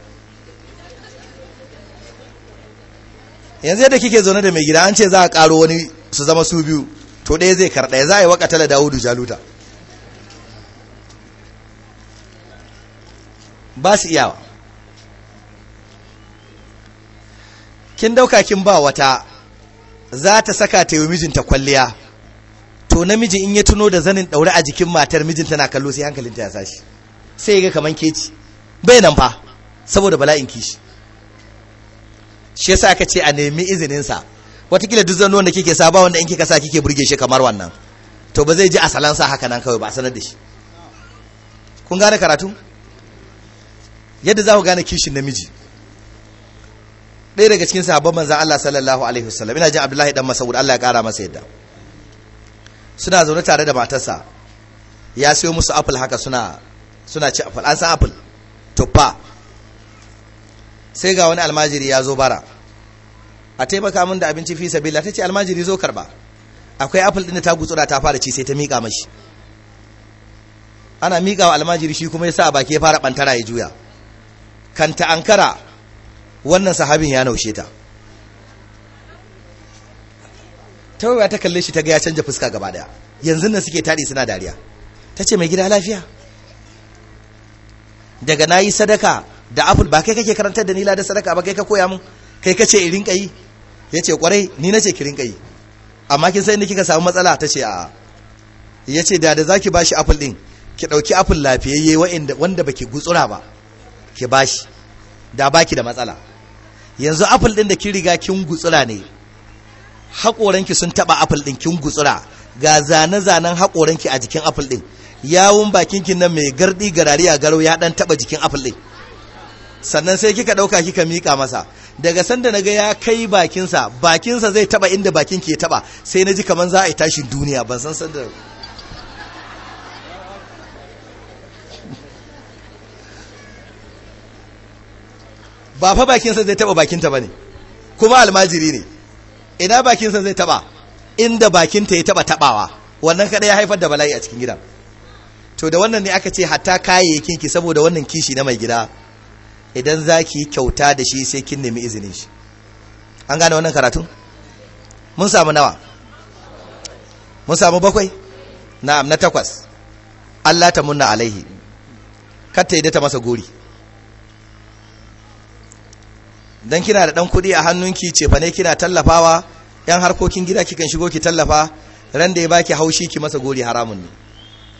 yanzu yadda kike zaune da mai gida an ce za a karo wani su zama su biyu to ɗaya zai karɗa ya za a yi waƙatala dawudu jaluta ba su iyawa kin dauka kin ba wata za ta saka ta yi mijinta kwalliya to namiji in ya tuno da zanin ɗaure a jikin matar mijinta na kallo sai hankalinta ya sashi sai ga kamar keci bai nan fa saboda bala'in kishi shi yasa ka ce a nemi izininsa watakila duk zanuwan da kike sa ba wanda in kika sa kike burge shi kamar wannan to ba zai ji asalansa haka nan kawai ba sanar da shi kun gane karatu yadda za ku gane kishin namiji ɗaya daga cikin sahabban manzan Allah sallallahu alaihi wasallam ina jin Abdullahi dan Mas'ud Allah ya kara masa yadda suna zaune tare da matarsa ya siyo musu apple haka suna suna ci apple an san apple tuffa sai ga wani almajiri ya zo bara a taimaka min da abinci fi sabila ta ce almajiri zo karba akwai apple din da ta gutsura ta fara ci sai ta miƙa mashi ana miƙa wa almajiri shi kuma ya sa a baki ya fara ɓantara ya juya kanta ankara wannan sahabin ya naushe ta tawaye ta kalle shi ta ga ya canja fuska gaba daya yanzu nan suke tadi suna dariya ta ce mai gida lafiya daga na yi sadaka da apple ba kai kake karantar da ni da sadaka ba kai ka koya mun kai ka ce in rinka Ya ce kwarai ni nace ki rinka yi amma kin sai ni kika samu matsala ta ce a ce da da zaki bashi apple din ki dauki apple lafiyayye wanda wanda baki gutsura ba ki bashi da baki da matsala yanzu apple din da kin riga kin gutsura ne hakoranki sun taba apple din kin gutsura ga zane-zanen hakoranki a jikin apple din yawun bakinki nan mai gardi garari a garo ya dan taba jikin apple din sannan sai kika dauka kika mika masa daga sanda na ga ya kai bakinsa bakinsa zai taba inda bakin ke taba sai na ji kamar za a yi tashin duniya ban san sanda ba fa bakinsa zai taba bakinta ba ne kuma almajiri ne ina bakinsa zai taba inda bakinta ya taba tabawa wannan kada ya haifar da bala'i a cikin gidan to da wannan ne aka ce hatta kayayyakin ki saboda wannan kishi na mai gida idan za ki yi kyauta da shi sai kin nemi izinin shi an gane wannan karatu mun samu nawa mun samu bakwai na'am na takwas Allah ta munna alaihi kar ta yi ta masa gori dan kina da dan kudi a hannunki ce fa ne kina tallafawa yan harkokin gida kikan shigo ki tallafa ran da ya baki haushi ki masa gori haramun ne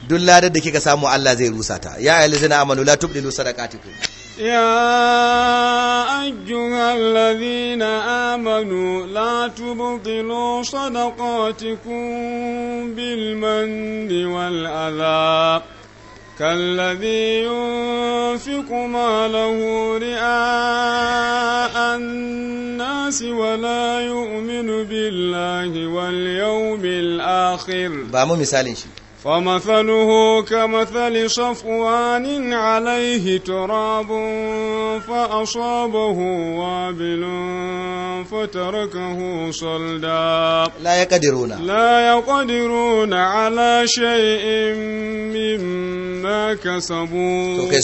duk ladar da kika samu Allah zai rusa ta ya ayyuhallazina amanu la tubdilu sadaqatikum يا أيها الذين آمنوا لا تبطلوا صدقاتكم بالمن والأذى كالذي ينفق ماله رئاء الناس ولا يؤمن بالله واليوم الآخر بامو مثال شيء فمثله كمثل صفوان عليه تراب فأصابه وابل فتركه صلدا لا يقدرون لا يقدرون على شيء مما كسبوا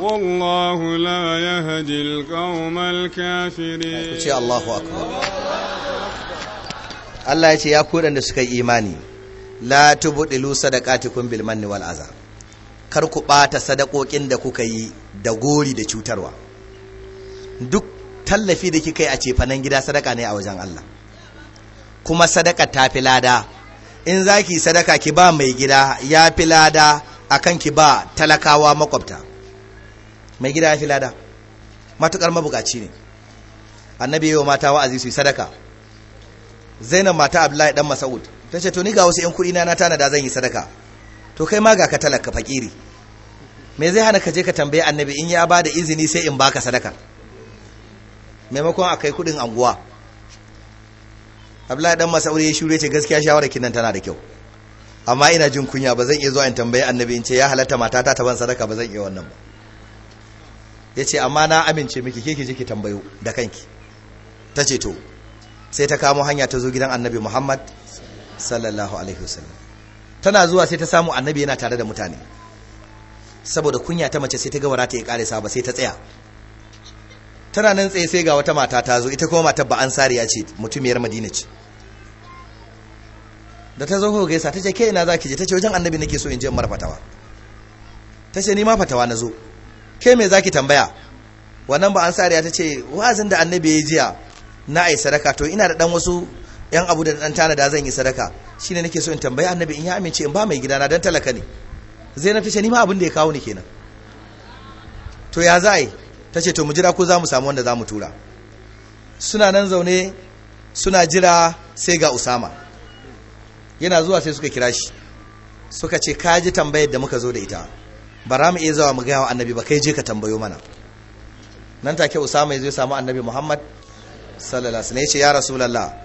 والله لا يهدي القوم الكافرين الله أكبر الله ya ce ya ku da suka yi imani la tubdilu sadaqatikum bil manni wal aza kar ku bata sadakokin da kuka yi da gori da cutarwa duk tallafi da kika yi a cefanen gida sadaka ne a wajen Allah kuma sadaka ta fi lada in zaki sadaka ki ba mai gida ya fi lada akan ki ba talakawa makwabta mai gida ya fi lada matukar mabukaci ne annabi yawa mata wa'azi su yi sadaka zainab mata abdullahi dan masa'ud. ta ce to ni ga wasu 'yan kuɗi na na tanada zan yi sadaka to kai ma ga ka talaka fakiri me zai hana ka je ka tambaye annabi in ya ba da izini sai in baka sadaka maimakon a kai kuɗin anguwa abdullahi dan masauri ya shure ce gaskiya shawara kinan tana da kyau amma ina jin kunya ba zan iya zuwa in tambaye annabi in ce ya halatta matata ta ban sadaka ba zan iya wannan ba ya amma na amince miki ke ki je ki tambayo da kanki ta ce to sai ta kamo hanya ta zo gidan annabi muhammad sallallahu alaihi wasallam tana zuwa sai ta samu annabi yana tare da mutane saboda kunya ta mace sai ta gawara ta ya kare sa ba sai ta tsaya tana nan tsaye sai ga wata mata ta zo ita kuma matar ba ansariya ce mutumiyar madina ce da ta zo ko gaisa ta ce ke ina zaki je ta ce wajen annabi nake so in je mara fatawa ta ce ni ma fatawa na zo ke me zaki tambaya wannan ba ansariya ta ce zan da annabi ya jiya na ai sadaka to ina da dan wasu yan abu da dan tana da zan yi sadaka shine nake so in tambayi annabi in ya amince in ba mai gida na dan talaka ne zainab tace ni ma abin da ya kawo ni kenan to ya za yi tace to mu jira ko za mu samu wanda za mu tura suna nan zaune suna jira sai ga usama yana zuwa sai suka kira shi suka ce ka ji tambayar da muka zo da ita bara mu iya zawa mu gaya wa annabi ba kai je ka tambayo mana nan take usama ya zo samu annabi muhammad sallallahu alaihi wasallam ya ce ya rasulullah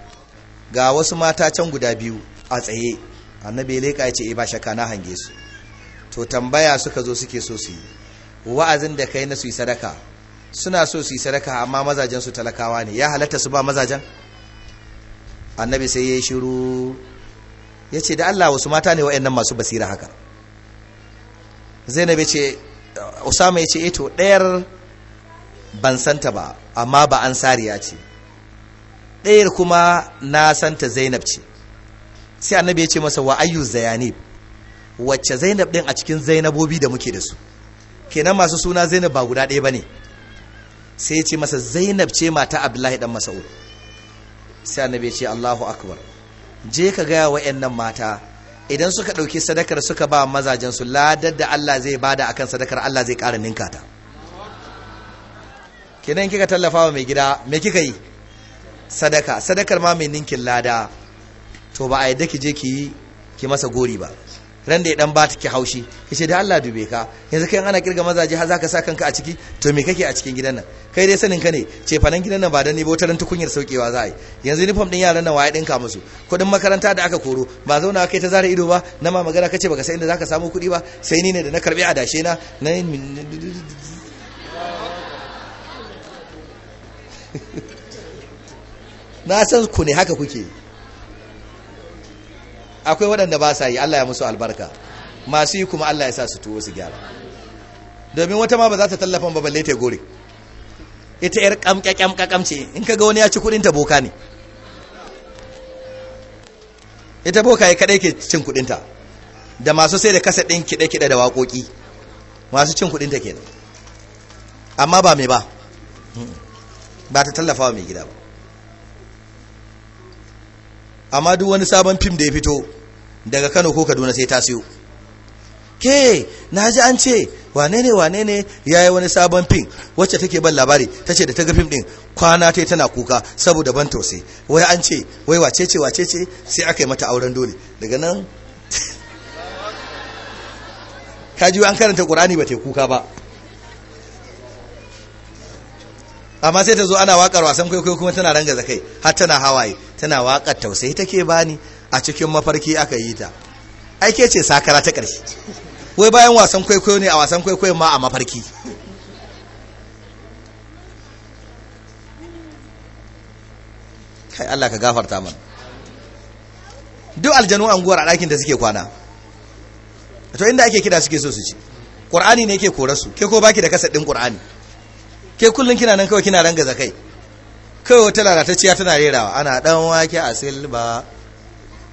ga wasu mata can guda biyu a tsaye annabi ya leƙa ya ce eh, ba shakka na hange su to tambaya suka zo suke so su yi wa'azin da kai na su yi sadaka suna so su yi sadaka amma mazajen su talakawa ne ya halatta su ba mazajen annabi sai ya yi shiru ya ce da Allah wasu mata ne wa'annan masu basira haka zainab ya ce usama ya ce eto eh, ɗayar ban santa ba amma ba ansariya ce ɗayar kuma na santa zainab ce sai annabi ya ce masa wa ayyu zayanib wacce zainab ɗin a cikin zainabobi da muke da su kenan masu suna zainab ba guda ɗaya ba ne sai ya ce masa zainab ce mata abdullahi dan mas'ud sai annabi ya ce allahu akbar je ka gaya wa wa'annan mata idan suka ɗauki sadakar suka ba mazajen su ladar da allah zai bada akan sadakar allah zai ƙara ninka ta kenan kika tallafa wa mai gida me kika yi sadaka sadakar ma mai ninkin lada to ba a yadda ki je ki yi ki masa gori ba ran da ya dan bata ki haushi ki ce da Allah dube ka yanzu kai ana kirga mazaje har zaka sa kanka a ciki to me kake a cikin gidan nan kai dai sanin ka ne ce fanan gidan nan ba da ni ba wataran tukunyar saukewa za a yi yanzu uniform din yaran nan waye dinka musu kudin makaranta da aka koro ba zauna kai ta zara ido ba na ma magana kace baka san inda zaka samu kuɗi ba sai ni ne da na karbi a dashe na na na san ku ne haka kuke akwai waɗanda ba sa yi Allah ya musu albarka masu yi kuma Allah ya sa su tuwo su gyara domin wata ma ba za ta tallafa ba balle ta gore ita yar kamkakam kakam ce in kaga wani ya ci kudin ta boka ne ita boka ya kadai ke cin kudin ta da masu sai da kasa din kide kide da waƙoƙi masu cin kudin ta kenan amma ba me ba hmm. ba ta tallafa wa mai gida ba amma duk wani sabon fim da ya fito daga kano ko kaduna sai ta siyo ke na ji an ce wane ne wane ne ya yi wani sabon fim wacce take ban labari ta ce da ta ga fim din kwana ta tana kuka saboda ban tausayi wai an ce wai wace ce wace ce sai aka yi mata auren dole daga nan ka ji an karanta qur'ani ba ta kuka ba amma sai ta zo ana wakar wasan kwaikwayo kuma tana ranga zakai har tana hawaye tana waƙar tausayi take bani a cikin mafarki aka yi ta aike ce sakara ta ƙarshe wai bayan wasan kwaikwayo ne a wasan kwaikwayo ma a mafarki kai Allah ka gafarta mana duk aljanu anguwar a ɗakin da suke kwana to inda ake kida suke so su ci ƙur'ani ne ke korasu su ke ko baki da kasa ɗin ƙur'ani ke kullum kina nan kawai kina rangaza kai kawai wata lalatacciya tana rerawa ana dan wake a silba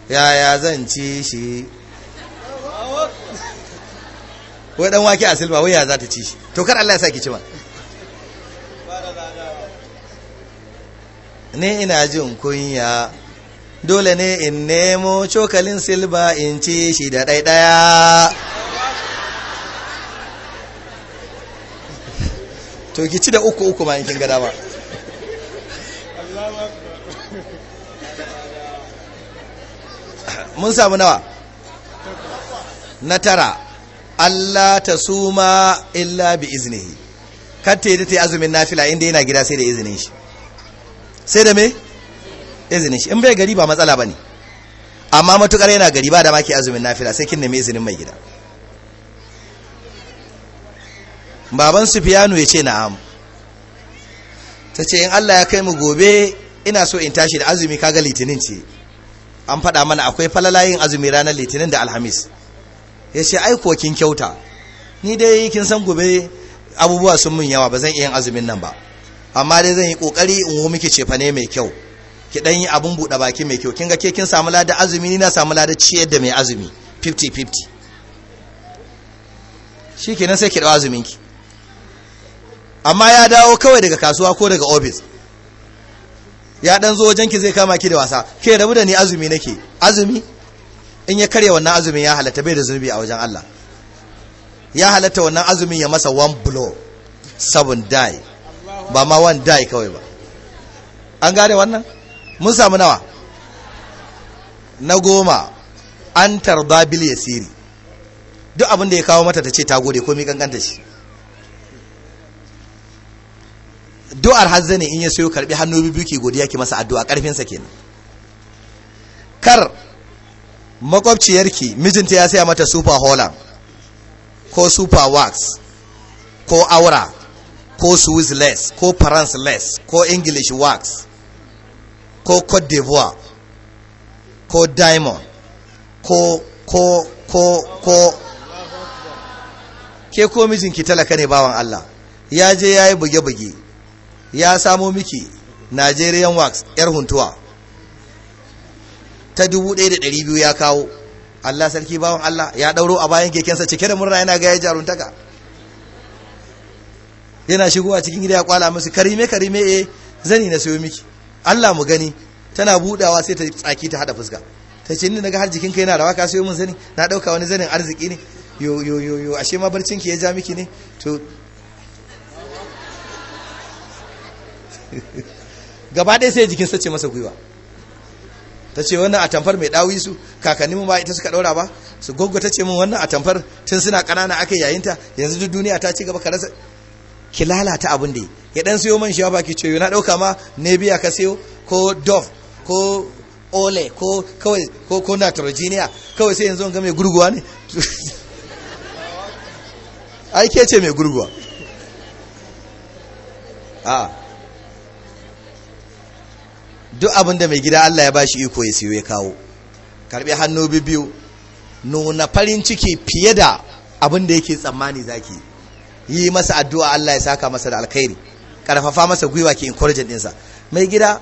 yaya zan ci shi wai dan wake a silba wai ya za ta ci shi to kar Allah ya sa ki ci ma ne ina jin kunya dole ne in nemo cokalin silba in ci shi da ɗaiɗaya to ki ci da uku uku ma in kin gada ba mun samu nawa na tara Allah ta suma illa bi iznihi katta yi ta yi azumin nafila inda yana gida sai da izinin shi sai da me izinin shi in bai gari ba matsala ba ne amma matukar yana gari ba da maki azumin nafila sai kin nemi izinin mai gida baban su sufiyanu ya ce na'am ta ce in Allah ya kai mu gobe ina so in tashi da azumi kaga litinin ce an faɗa mana akwai falalayin azumi ranar litinin da alhamis ya ce aiko kin kyauta ni dai kin san gobe abubuwa sun mun yawa ba zan iya yin azumin nan ba amma dai zan yi kokari in wo miki cefa ne mai kyau ki dan yi abun buɗe baki mai kyau kin ga ke kin samu lada azumi ni na samu lada ciyar da mai azumi 50 50 shi kenan sai ki dawo azumin ki amma ya dawo kawai daga kasuwa ko daga office ya dan zo wajen ki zai kama ki da wasa ke rabu da ni azumi nake azumi in ya karya wannan azumin ya halatta bai da zunubi a wajen Allah ya halatta wannan azumin ya masa one blow seven die ba ma one die kawai ba an gane wannan mun samu nawa na goma an tarda bil yasiri duk abin da ya kawo mata ta ce ta gode komai kankanta shi du'ar hazzani in ya sayo karbi hannu biyu ke godiya ki masa addu'a karfin sa kenan kar makwabciyarki mijinta ya saya mata super holland ko super wax ko aura ko swiss less ko france less ko english wax ko cote d'ivoire ko diamond ko ko ko ko ke ko mijinki talaka ne bawan allah ya je ya yi buge-buge ya samo miki Nigerian wax yar huntuwa ta 1200 ya kawo Allah sarki bawan Allah ya dauro a bayan kekensa cike da murna yana ga ya jaruntaka yana shigowa cikin gida ya kwala musu karime karime eh zani na sayo miki Allah mu gani tana budawa sai ta tsaki ta hada fuska ta ce ni naga har jikin kai yana rawa ka sayo min zani na dauka wani zanin arziki ne yo yo ashe ma barcin ki ya ja miki ne to gaba ɗaya sai jikin sace masa gwiwa ta ce wannan a tamfar mai ɗawi su kakanninmu ba ita suka ɗaura ba su goggo ta ce min wannan a tamfar tun suna ƙanana aka ta yanzu duk duniya ta ci gaba ka rasa ki lalata abin da ya ɗan siyo man shawa baki ce na ɗauka ma biya ka siyo ko dove ko ole ko kawai ko ko kawai sai yanzu ga mai gurguwa ne ai ke ce mai gurguwa a duk abinda mai gida Allah ya bashi iko ya siyo ya kawo karbi hannu biyu nuna farin ciki fiye da abinda yake tsammani zaki yi masa addu'a Allah ya saka masa da alkhairi karfafa masa gwiwa ki encouragement sa mai gida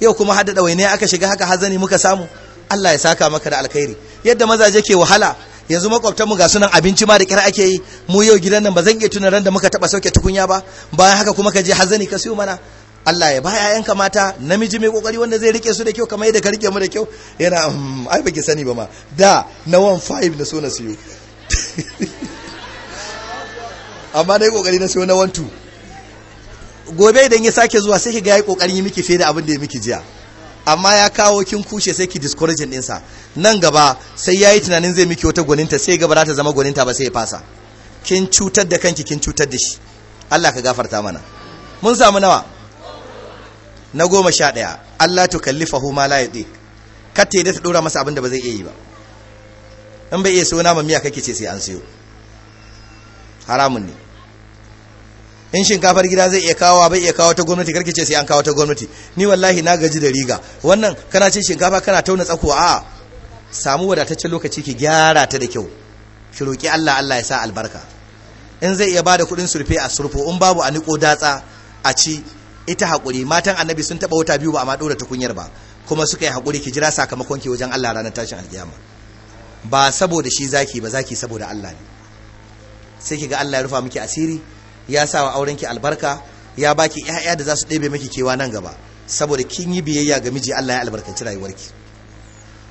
yau kuma hada da waine aka shiga haka hazani muka samu Allah ya saka maka da alkhairi yadda mazaje ke wahala yanzu mu ga sunan abinci ma da kira ake yi mu yau gidan nan ba zan iya tuna ran da muka taba sauke tukunya ba bayan haka kuma ka je hazani ka siyo mana Allah ya ba yayanka mata namiji mai kokari wanda zai rike su da kyau kamar yadda ka rike mu da kyau yana hmm, ai baki sani ba ma da na 5 na so na siyo amma dai kokari na siyo na 2. gobe idan ya sake zuwa sai ki ga yi kokarin yi miki fiye da abin da ya miki jiya amma ya kawo kin kushe sai ki discourage din sa nan gaba sai yayi tunanin zai miki wata gwaninta sai gaba za ta zama gwaninta ba sai ya fasa kin cutar da kanki kin cutar da shi Allah ka gafarta mana mun samu nawa na goma sha ɗaya Allah to kallifahu ma la yadi katta yadda ta ɗora masa abin da ba zai iya yi ba in bai iya so nama miya kake ce sai an siyo haramun ne in shinkafar gida zai iya kawo bai iya kawo ta gwamnati karki ce sai an kawo ta gwamnati ni wallahi na gaji da riga wannan kana cin shinkafa kana tauna tsako a samu wadataccen lokaci ki gyara ta da kyau ki roki Allah Allah ya sa albarka in zai iya bada kuɗin surfe a surfo in babu a niko datsa a ci ita hakuri matan annabi sun taɓa wata biyu ba amma ɗora tukunyar ba kuma suka yi hakuri ki jira sakamakon ki wajen Allah ranar tashin alkiyama ba saboda shi zaki ba zaki saboda Allah ne sai ki ga Allah ya rufa miki asiri ya sa wa aurenki albarka ya baki ƴaƴa da za su ɗebe miki kewa nan gaba saboda kin yi biyayya ga miji Allah ya albarkaci rayuwarki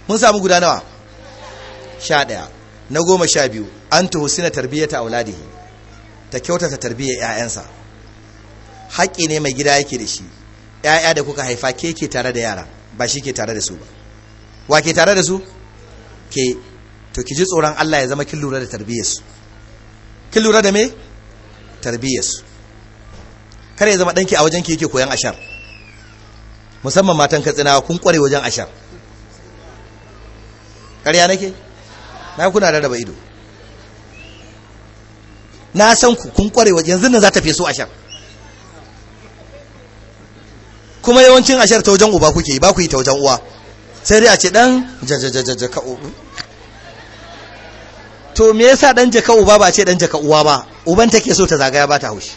mun samu guda nawa sha ɗaya na goma sha biyu an tuhusina tarbiyyata auladihi ta kyautata tarbiyyar ƴaƴansa haƙƙi ne mai gida yake da shi ‘ya'ya da kuka haifa ke ke tare da yara ba shi ke tare da su ba wa ke tare da su ke to ki ji tsoron Allah ya zama kin lura da tarbiyyarsu kin lura da me tarbiyyarsu kare ya zama ɗanki a wajen ki yake koyan ashar musamman matan katsinawa kun kware wajen ashar ƙarya nake na kuna da raba ido na san ku kun kware wajen yanzu nan za ta fi so ashar kuma yawancin ashar ta wajen uba kuke ba ku yi ta wajen uwa sai dai a ce dan jaka uba to me yasa dan jaka uba ba ce dan jaka uwa ba uban take so ta zagaya ba ta haushi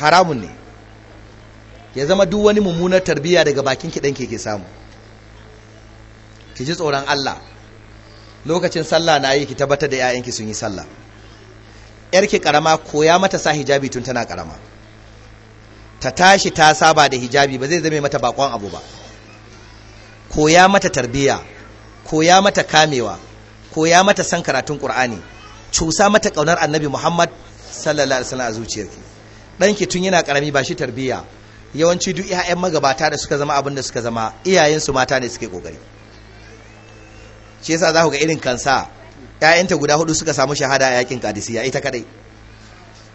haramun ne ya zama duk wani mummunar tarbiyya daga bakin ki ke ke samu ki ji tsoron Allah lokacin sallah na yi ki tabbatar da 'ya'yanki sun yi sallah yarki karama koya mata sa hijabi tun tana karama ta tashi ta saba da hijabi ba zai zame mata bakon abu ba koya mata tarbiyya koya mata kamewa koya mata san karatun qur'ani cusa mata kaunar annabi muhammad sallallahu alaihi wasallam a zuciyarki danki tun yana karami ba shi tarbiyya yawanci duk ƴaƴan magabata da suka zama abin da suka zama iyayensu mata ne suke kokari shi yasa za ku ga irin kansa 'ya'yanta guda hudu suka samu shahada a yakin kadisiya ita kadai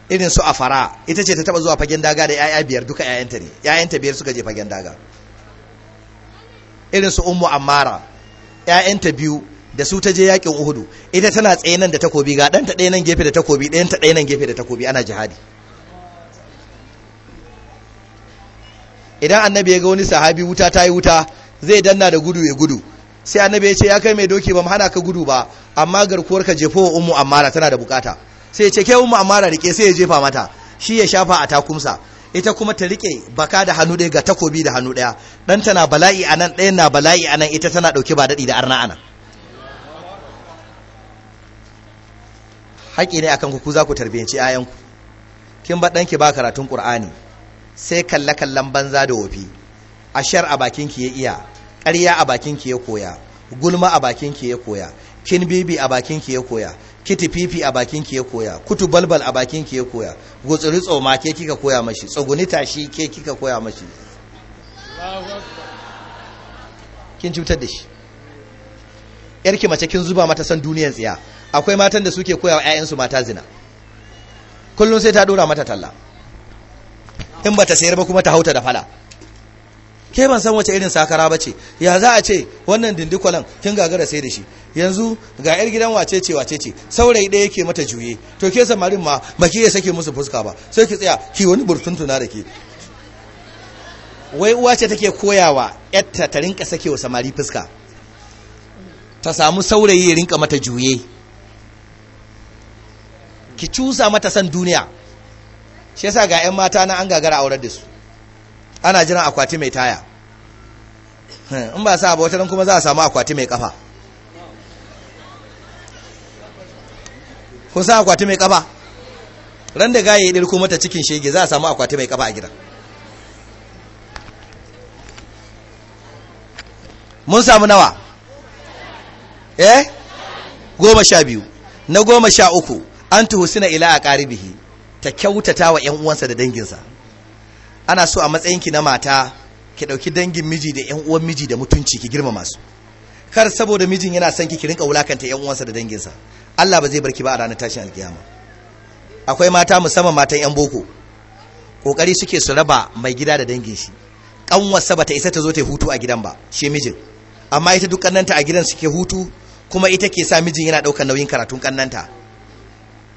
irin su afara ita ce ta taba zuwa fagen daga da 'ya'ya biyar duka 'ya'yanta ne 'ya'yanta biyar suka je fagen daga irin su ummu ammara 'ya'yanta biyu da su ta je yakin uhudu ita tana tsaye nan da takobi ga ɗanta ɗaya nan gefe da takobi ɗayan ta ɗaya nan gefe da takobi ana jihadi idan annabi ya ga wani sahabi wuta ta yi wuta zai danna da gudu ya gudu sai annabi ya ce ya kai mai doki ba mu hana ka gudu ba amma garkuwar ka jefo wa ummu amara tana da bukata sai ya ce ke ummu amara rike sai ya jefa mata shi ya shafa a takumsa ita kuma ta rike baka da hannu ɗaya ga takobi da hannu ɗaya dan tana bala'i anan ɗayan na bala'i anan ita tana ɗauke ba daɗi da arna anan haƙi ne akan ku za ku tarbiyanci 'ya'yanku kin ba ɗanki ba karatun ƙur'ani sai kalle-kallen banza da wofi a shar a bakin ki ya iya ƙarya a bakin ki ya koya gulma a bakin ki ya koya kin bibi a bakin ki ya koya kiti fifi a bakin ki ya koya kutu balbal a bakin ki ya koya gutsuri tsoma ke kika koya mashi tsoguni tashi ke kika koya mashi kin cutar da shi yarki mace kin zuba mata san duniyar tsiya akwai matan da suke koya wa 'ya'yansu mata zina kullum sai ta dora mata talla in bata sayar ba kuma ta hauta da fala ke ban san wace irin sakara ba ce ya za a ce wannan dindikwalan kin gagara sai da shi yanzu ga yar gidan wace ce wace ce saurayi ɗaya yake mata juye to ke samarin ma baki ya sake musu fuska ba sai ki tsaya ki wani burtuntuna da ke wai uwa ce take koyawa yatta ta rinka sake wa samari fuska ta samu saurayi ya rinka mata juye ki cusa mata san duniya shi yasa ga 'yan mata na an gagara aurar da su ana jiran akwati mai taya hmm, in ba sa ba wata kuma za a samu akwati mai kafa kun san akwati mai kafa ran da gaye ya kuma mata cikin shege za a samu akwati mai kafa a gidan mun samu nawa eh goma sha biyu na goma sha uku an tuhu suna ila a ƙaribihi ta kyautata wa 'yan uwansa da danginsa ana so a matsayin ki na mata ki ɗauki dangin miji da ƴan uwan miji da mutunci ki girmama su kar saboda mijin yana son ki ki rinka wulakanta ƴan uwansa da danginsa Allah ba zai bar ki ba a ranar tashin alkiyama akwai mata musamman matan ƴan boko kokari suke su raba mai gida da dangin shi ba bata isa ta zo ta hutu a gidan ba shi mijin amma ita duk kannanta a gidan suke hutu kuma ita ke sa mijin yana ɗaukar nauyin karatun kannanta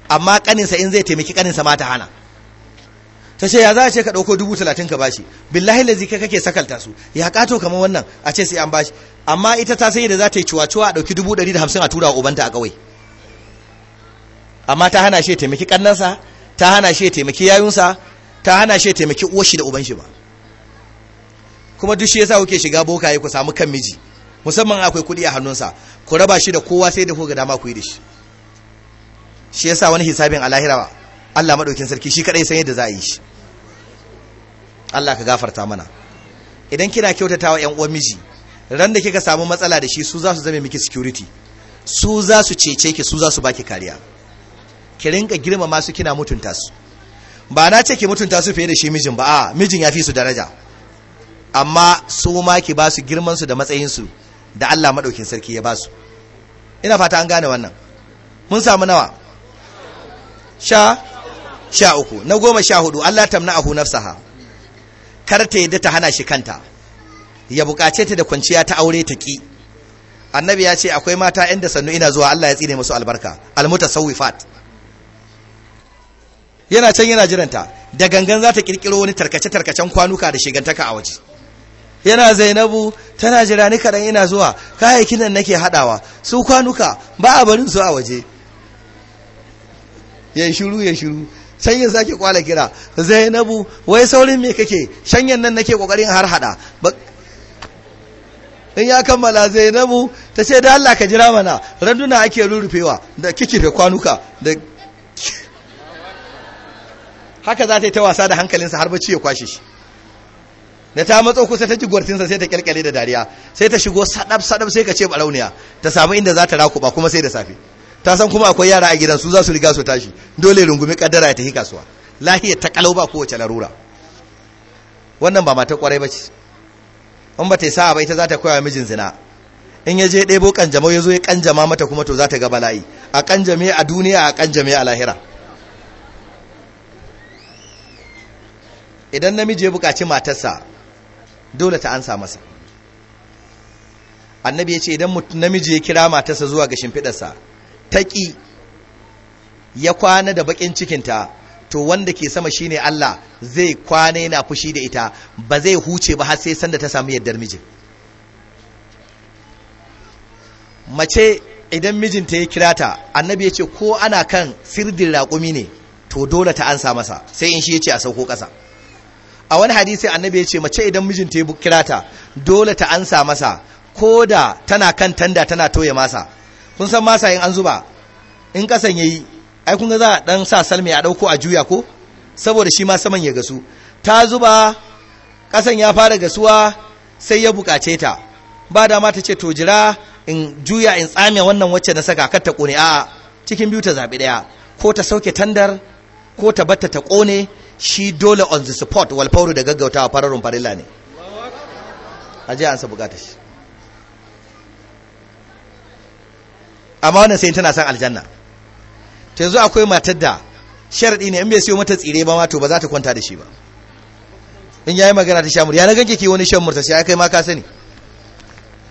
amma ƙaninsa in zai taimaki ƙaninsa ma ta hana ta ce ya za a ce ka ɗauko dubu talatin ka bashi billahi lazi kai kake sakalta su ya kato kamar wannan a ce sai an bashi amma ita ta sai da za ta yi cuwa-cuwa a ɗauki dubu ɗari da hamsin a tura ubanta a ƙauye amma ta hana shi ya taimaki ƙannansa ta hana shi ya taimaki yayunsa ta hana shi ya taimaki uwarshi da uban shi ba kuma duk shi yasa kuke shiga bokaye ku samu kan miji musamman akwai kuɗi a hannunsa ku raba shi da kowa sai da ku ga dama ku yi da shi shi yasa wani hisabin a ba Allah maɗaukin sarki shi kaɗai san yadda za a yi shi Allah ka gafarta mana idan kina kyautata wa 'yan uwan miji ran da kika samu matsala da shi su za su zame miki security su za su cece ki su za su baki kariya ki rinka girmama su kina mutunta su ba na ce ki mutunta su fiye da shi mijin ba a mijin ya fi su daraja amma su ma ki ba su girman su da matsayin su da Allah madaukin sarki ya ba su ina fata an gane wannan mun samu nawa sha sha uku na goma sha hudu Allah tamna'ahu nafsaha kar ta yadda ta hana shi kanta ya bukace ta da kwanciya ta aure ta ki annabi ya ce akwai mata yan da sannu ina zuwa Allah ya tsine musu albarka almutasawwifat yana can yana jiranta da gangan za ta kirkiro wani tarkace tarkacen kwanuka da shigantaka a waje yana zainabu tana jira ni kadan ina zuwa kayayyakin nan nake hadawa su kwanuka ba a barin su a waje ya shiru ya shiru Sanyin ya sake kwala kira zainabu wai saurin me kake shanyan nan nake kokarin har hada in ya kammala zainabu ta ce da Allah ka jira mana randuna ake rurrufewa da kikife kwanuka da haka za ta yi ta wasa da hankalinsa har bacci ya kwashe shi da ta matso kusa ta ji gwartinsa sai ta kyalkyale da dariya sai ta shigo sadab sadab sai ka ce barauniya ta samu inda za ta rakuba kuma sai da safe ta san kuma akwai yara a gidan su za su riga su tashi dole rungumi kaddara ya tafi kasuwa lahiya ta kalau ba kowace larura wannan ba mata kwarai ba ce in ba ta yi sa'a ba ita za ta koya mijin zina in ya je ɗebo kanjamau ya zo ya kanjama mata kuma to za ta ga bala'i a kanjame a duniya a kanjame a lahira idan namiji ya buƙaci matarsa dole ta ansa masa annabi ya ce idan namiji ya kira matarsa zuwa ga shimfiɗarsa taƙi ya kwana da baƙin cikinta to wanda ke sama shine Allah zai kwana yana fushi da ita ba zai huce ba har sai sanda ta samu yaddar miji. mace idan mijinta ya kira ta annabi ya ce ko ana kan sirdin raƙumi ne to dole ta ansa masa sai in shi ya ce a sauko ƙasa a wani hadisi annabi ya ce mace idan mijinta ya kira ta dole ta ansa masa ko da tana kan tanda tana toye masa kun san masa in an zuba in kasan yayi ai kun ga za a dan sa salmi a dauko a juya ko saboda shi ma saman ya gasu ta zuba kasan ya fara gasuwa sai ya bukace ta ba dama ta ce to jira in juya in tsame wannan wacce na saka kar ta kone a cikin biyu ta zabi daya ko ta sauke tandar ko ta batta ta kone shi dole on the spot walfauru da gaggautawa fararun farilla ne aje an sa bukata shi amma wannan sai tana son aljanna ta yanzu akwai matar da sharadi ne in bai siyo mata tsire ba ma to ba za ta kwanta da shi ba in yayi magana ta shamur ya na ganke ke wani shan murta sai kai ma ka sani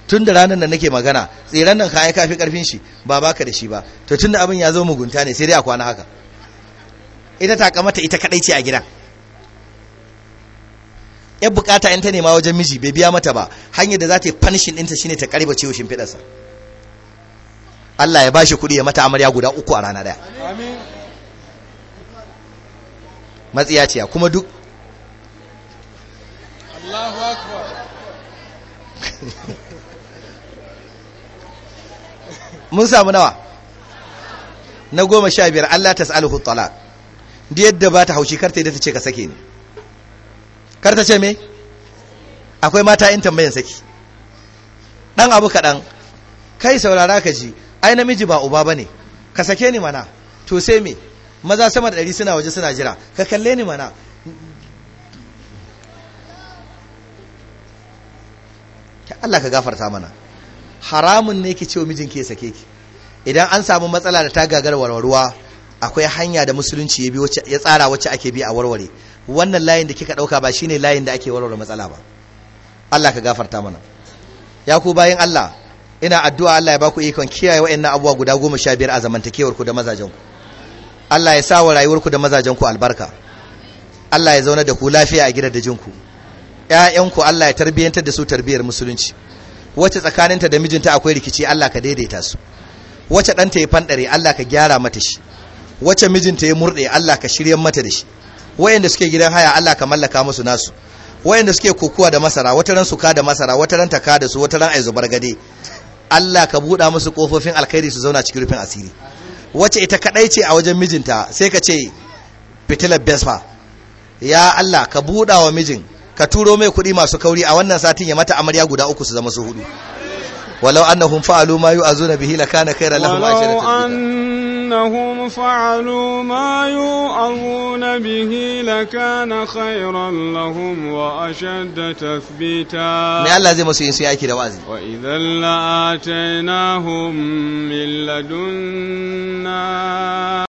tun da ranar nan nake magana tsiran nan ka ai kafi karfin shi ba baka da shi ba to tun da abin ya zo mugunta ne sai dai a kwana haka ita ta kamata ita kadai ce a gidan ya bukata in ta nema wajen miji bai biya mata ba hanyar da za ta yi fanishin ɗinta shine ta karba ciwo shimfiɗarsa Allah ya bashi kuɗi ya mata amarya guda uku a rana daya matsiya ce kuma duk Allahu akbar mun samu nawa na goma sha biyar Allah ta sa'alhu talaq da yadda ba ta haushi karta idan ta ce ka sake ne karta ce me akwai mata in tambayin saki dan abu kaɗan kai saurara ka ji ai namiji ba uba bane ka sake ni mana to sai me maza sama da ɗari suna waje suna jira ka kalle ni mana Allah ka gafarta mana haramun ne ki ce mijin ki sake ki idan an samu matsala da ta gagar warwarwa akwai hanya da musulunci ya bi ya tsara wacce ake bi a warware wannan layin da kika dauka ba shine layin da ake warware matsala ba Allah ka gafarta mana ya ku bayin Allah ina addu'a Allah ya baku ikon kiyaye wa'annan abubuwa guda goma sha biyar a zamantakewar ku da mazajen ku Allah ya sa wa rayuwar ku da mazajen ku albarka Allah ya zauna da ku lafiya a dajin ku ƴaƴan ku Allah ya tarbiyyantar da su tarbiyyar musulunci wacce tsakaninta da mijinta akwai rikici Allah ka daidaita su wacce ɗanta ya fandare Allah ka gyara mata shi wacce mijinta ya murɗe Allah ka shirya mata da shi wayanda suke gidan haya Allah ka mallaka musu nasu wayanda suke kokuwa da masara wata ran suka da masara wata ran taka da su wata ran ai zubar gade Allah ka buɗa musu ƙofofin alkhairi su zauna cikin rufin asiri wacce ita kaɗai ce a wajen mijinta sai ka ce fitilar besfa ya Allah ka buɗa wa mijin ka turo mai kuɗi masu kauri a wannan satin ya mata amarya guda uku su zama su hudu walau annahum fa'alu ma yu'azuna bihi lakana khairan lahum ajratan أنهم فعلوا ما يوعظون به لكان خيرا لهم وأشد تثبيتا وإذا لآتيناهم من لدنا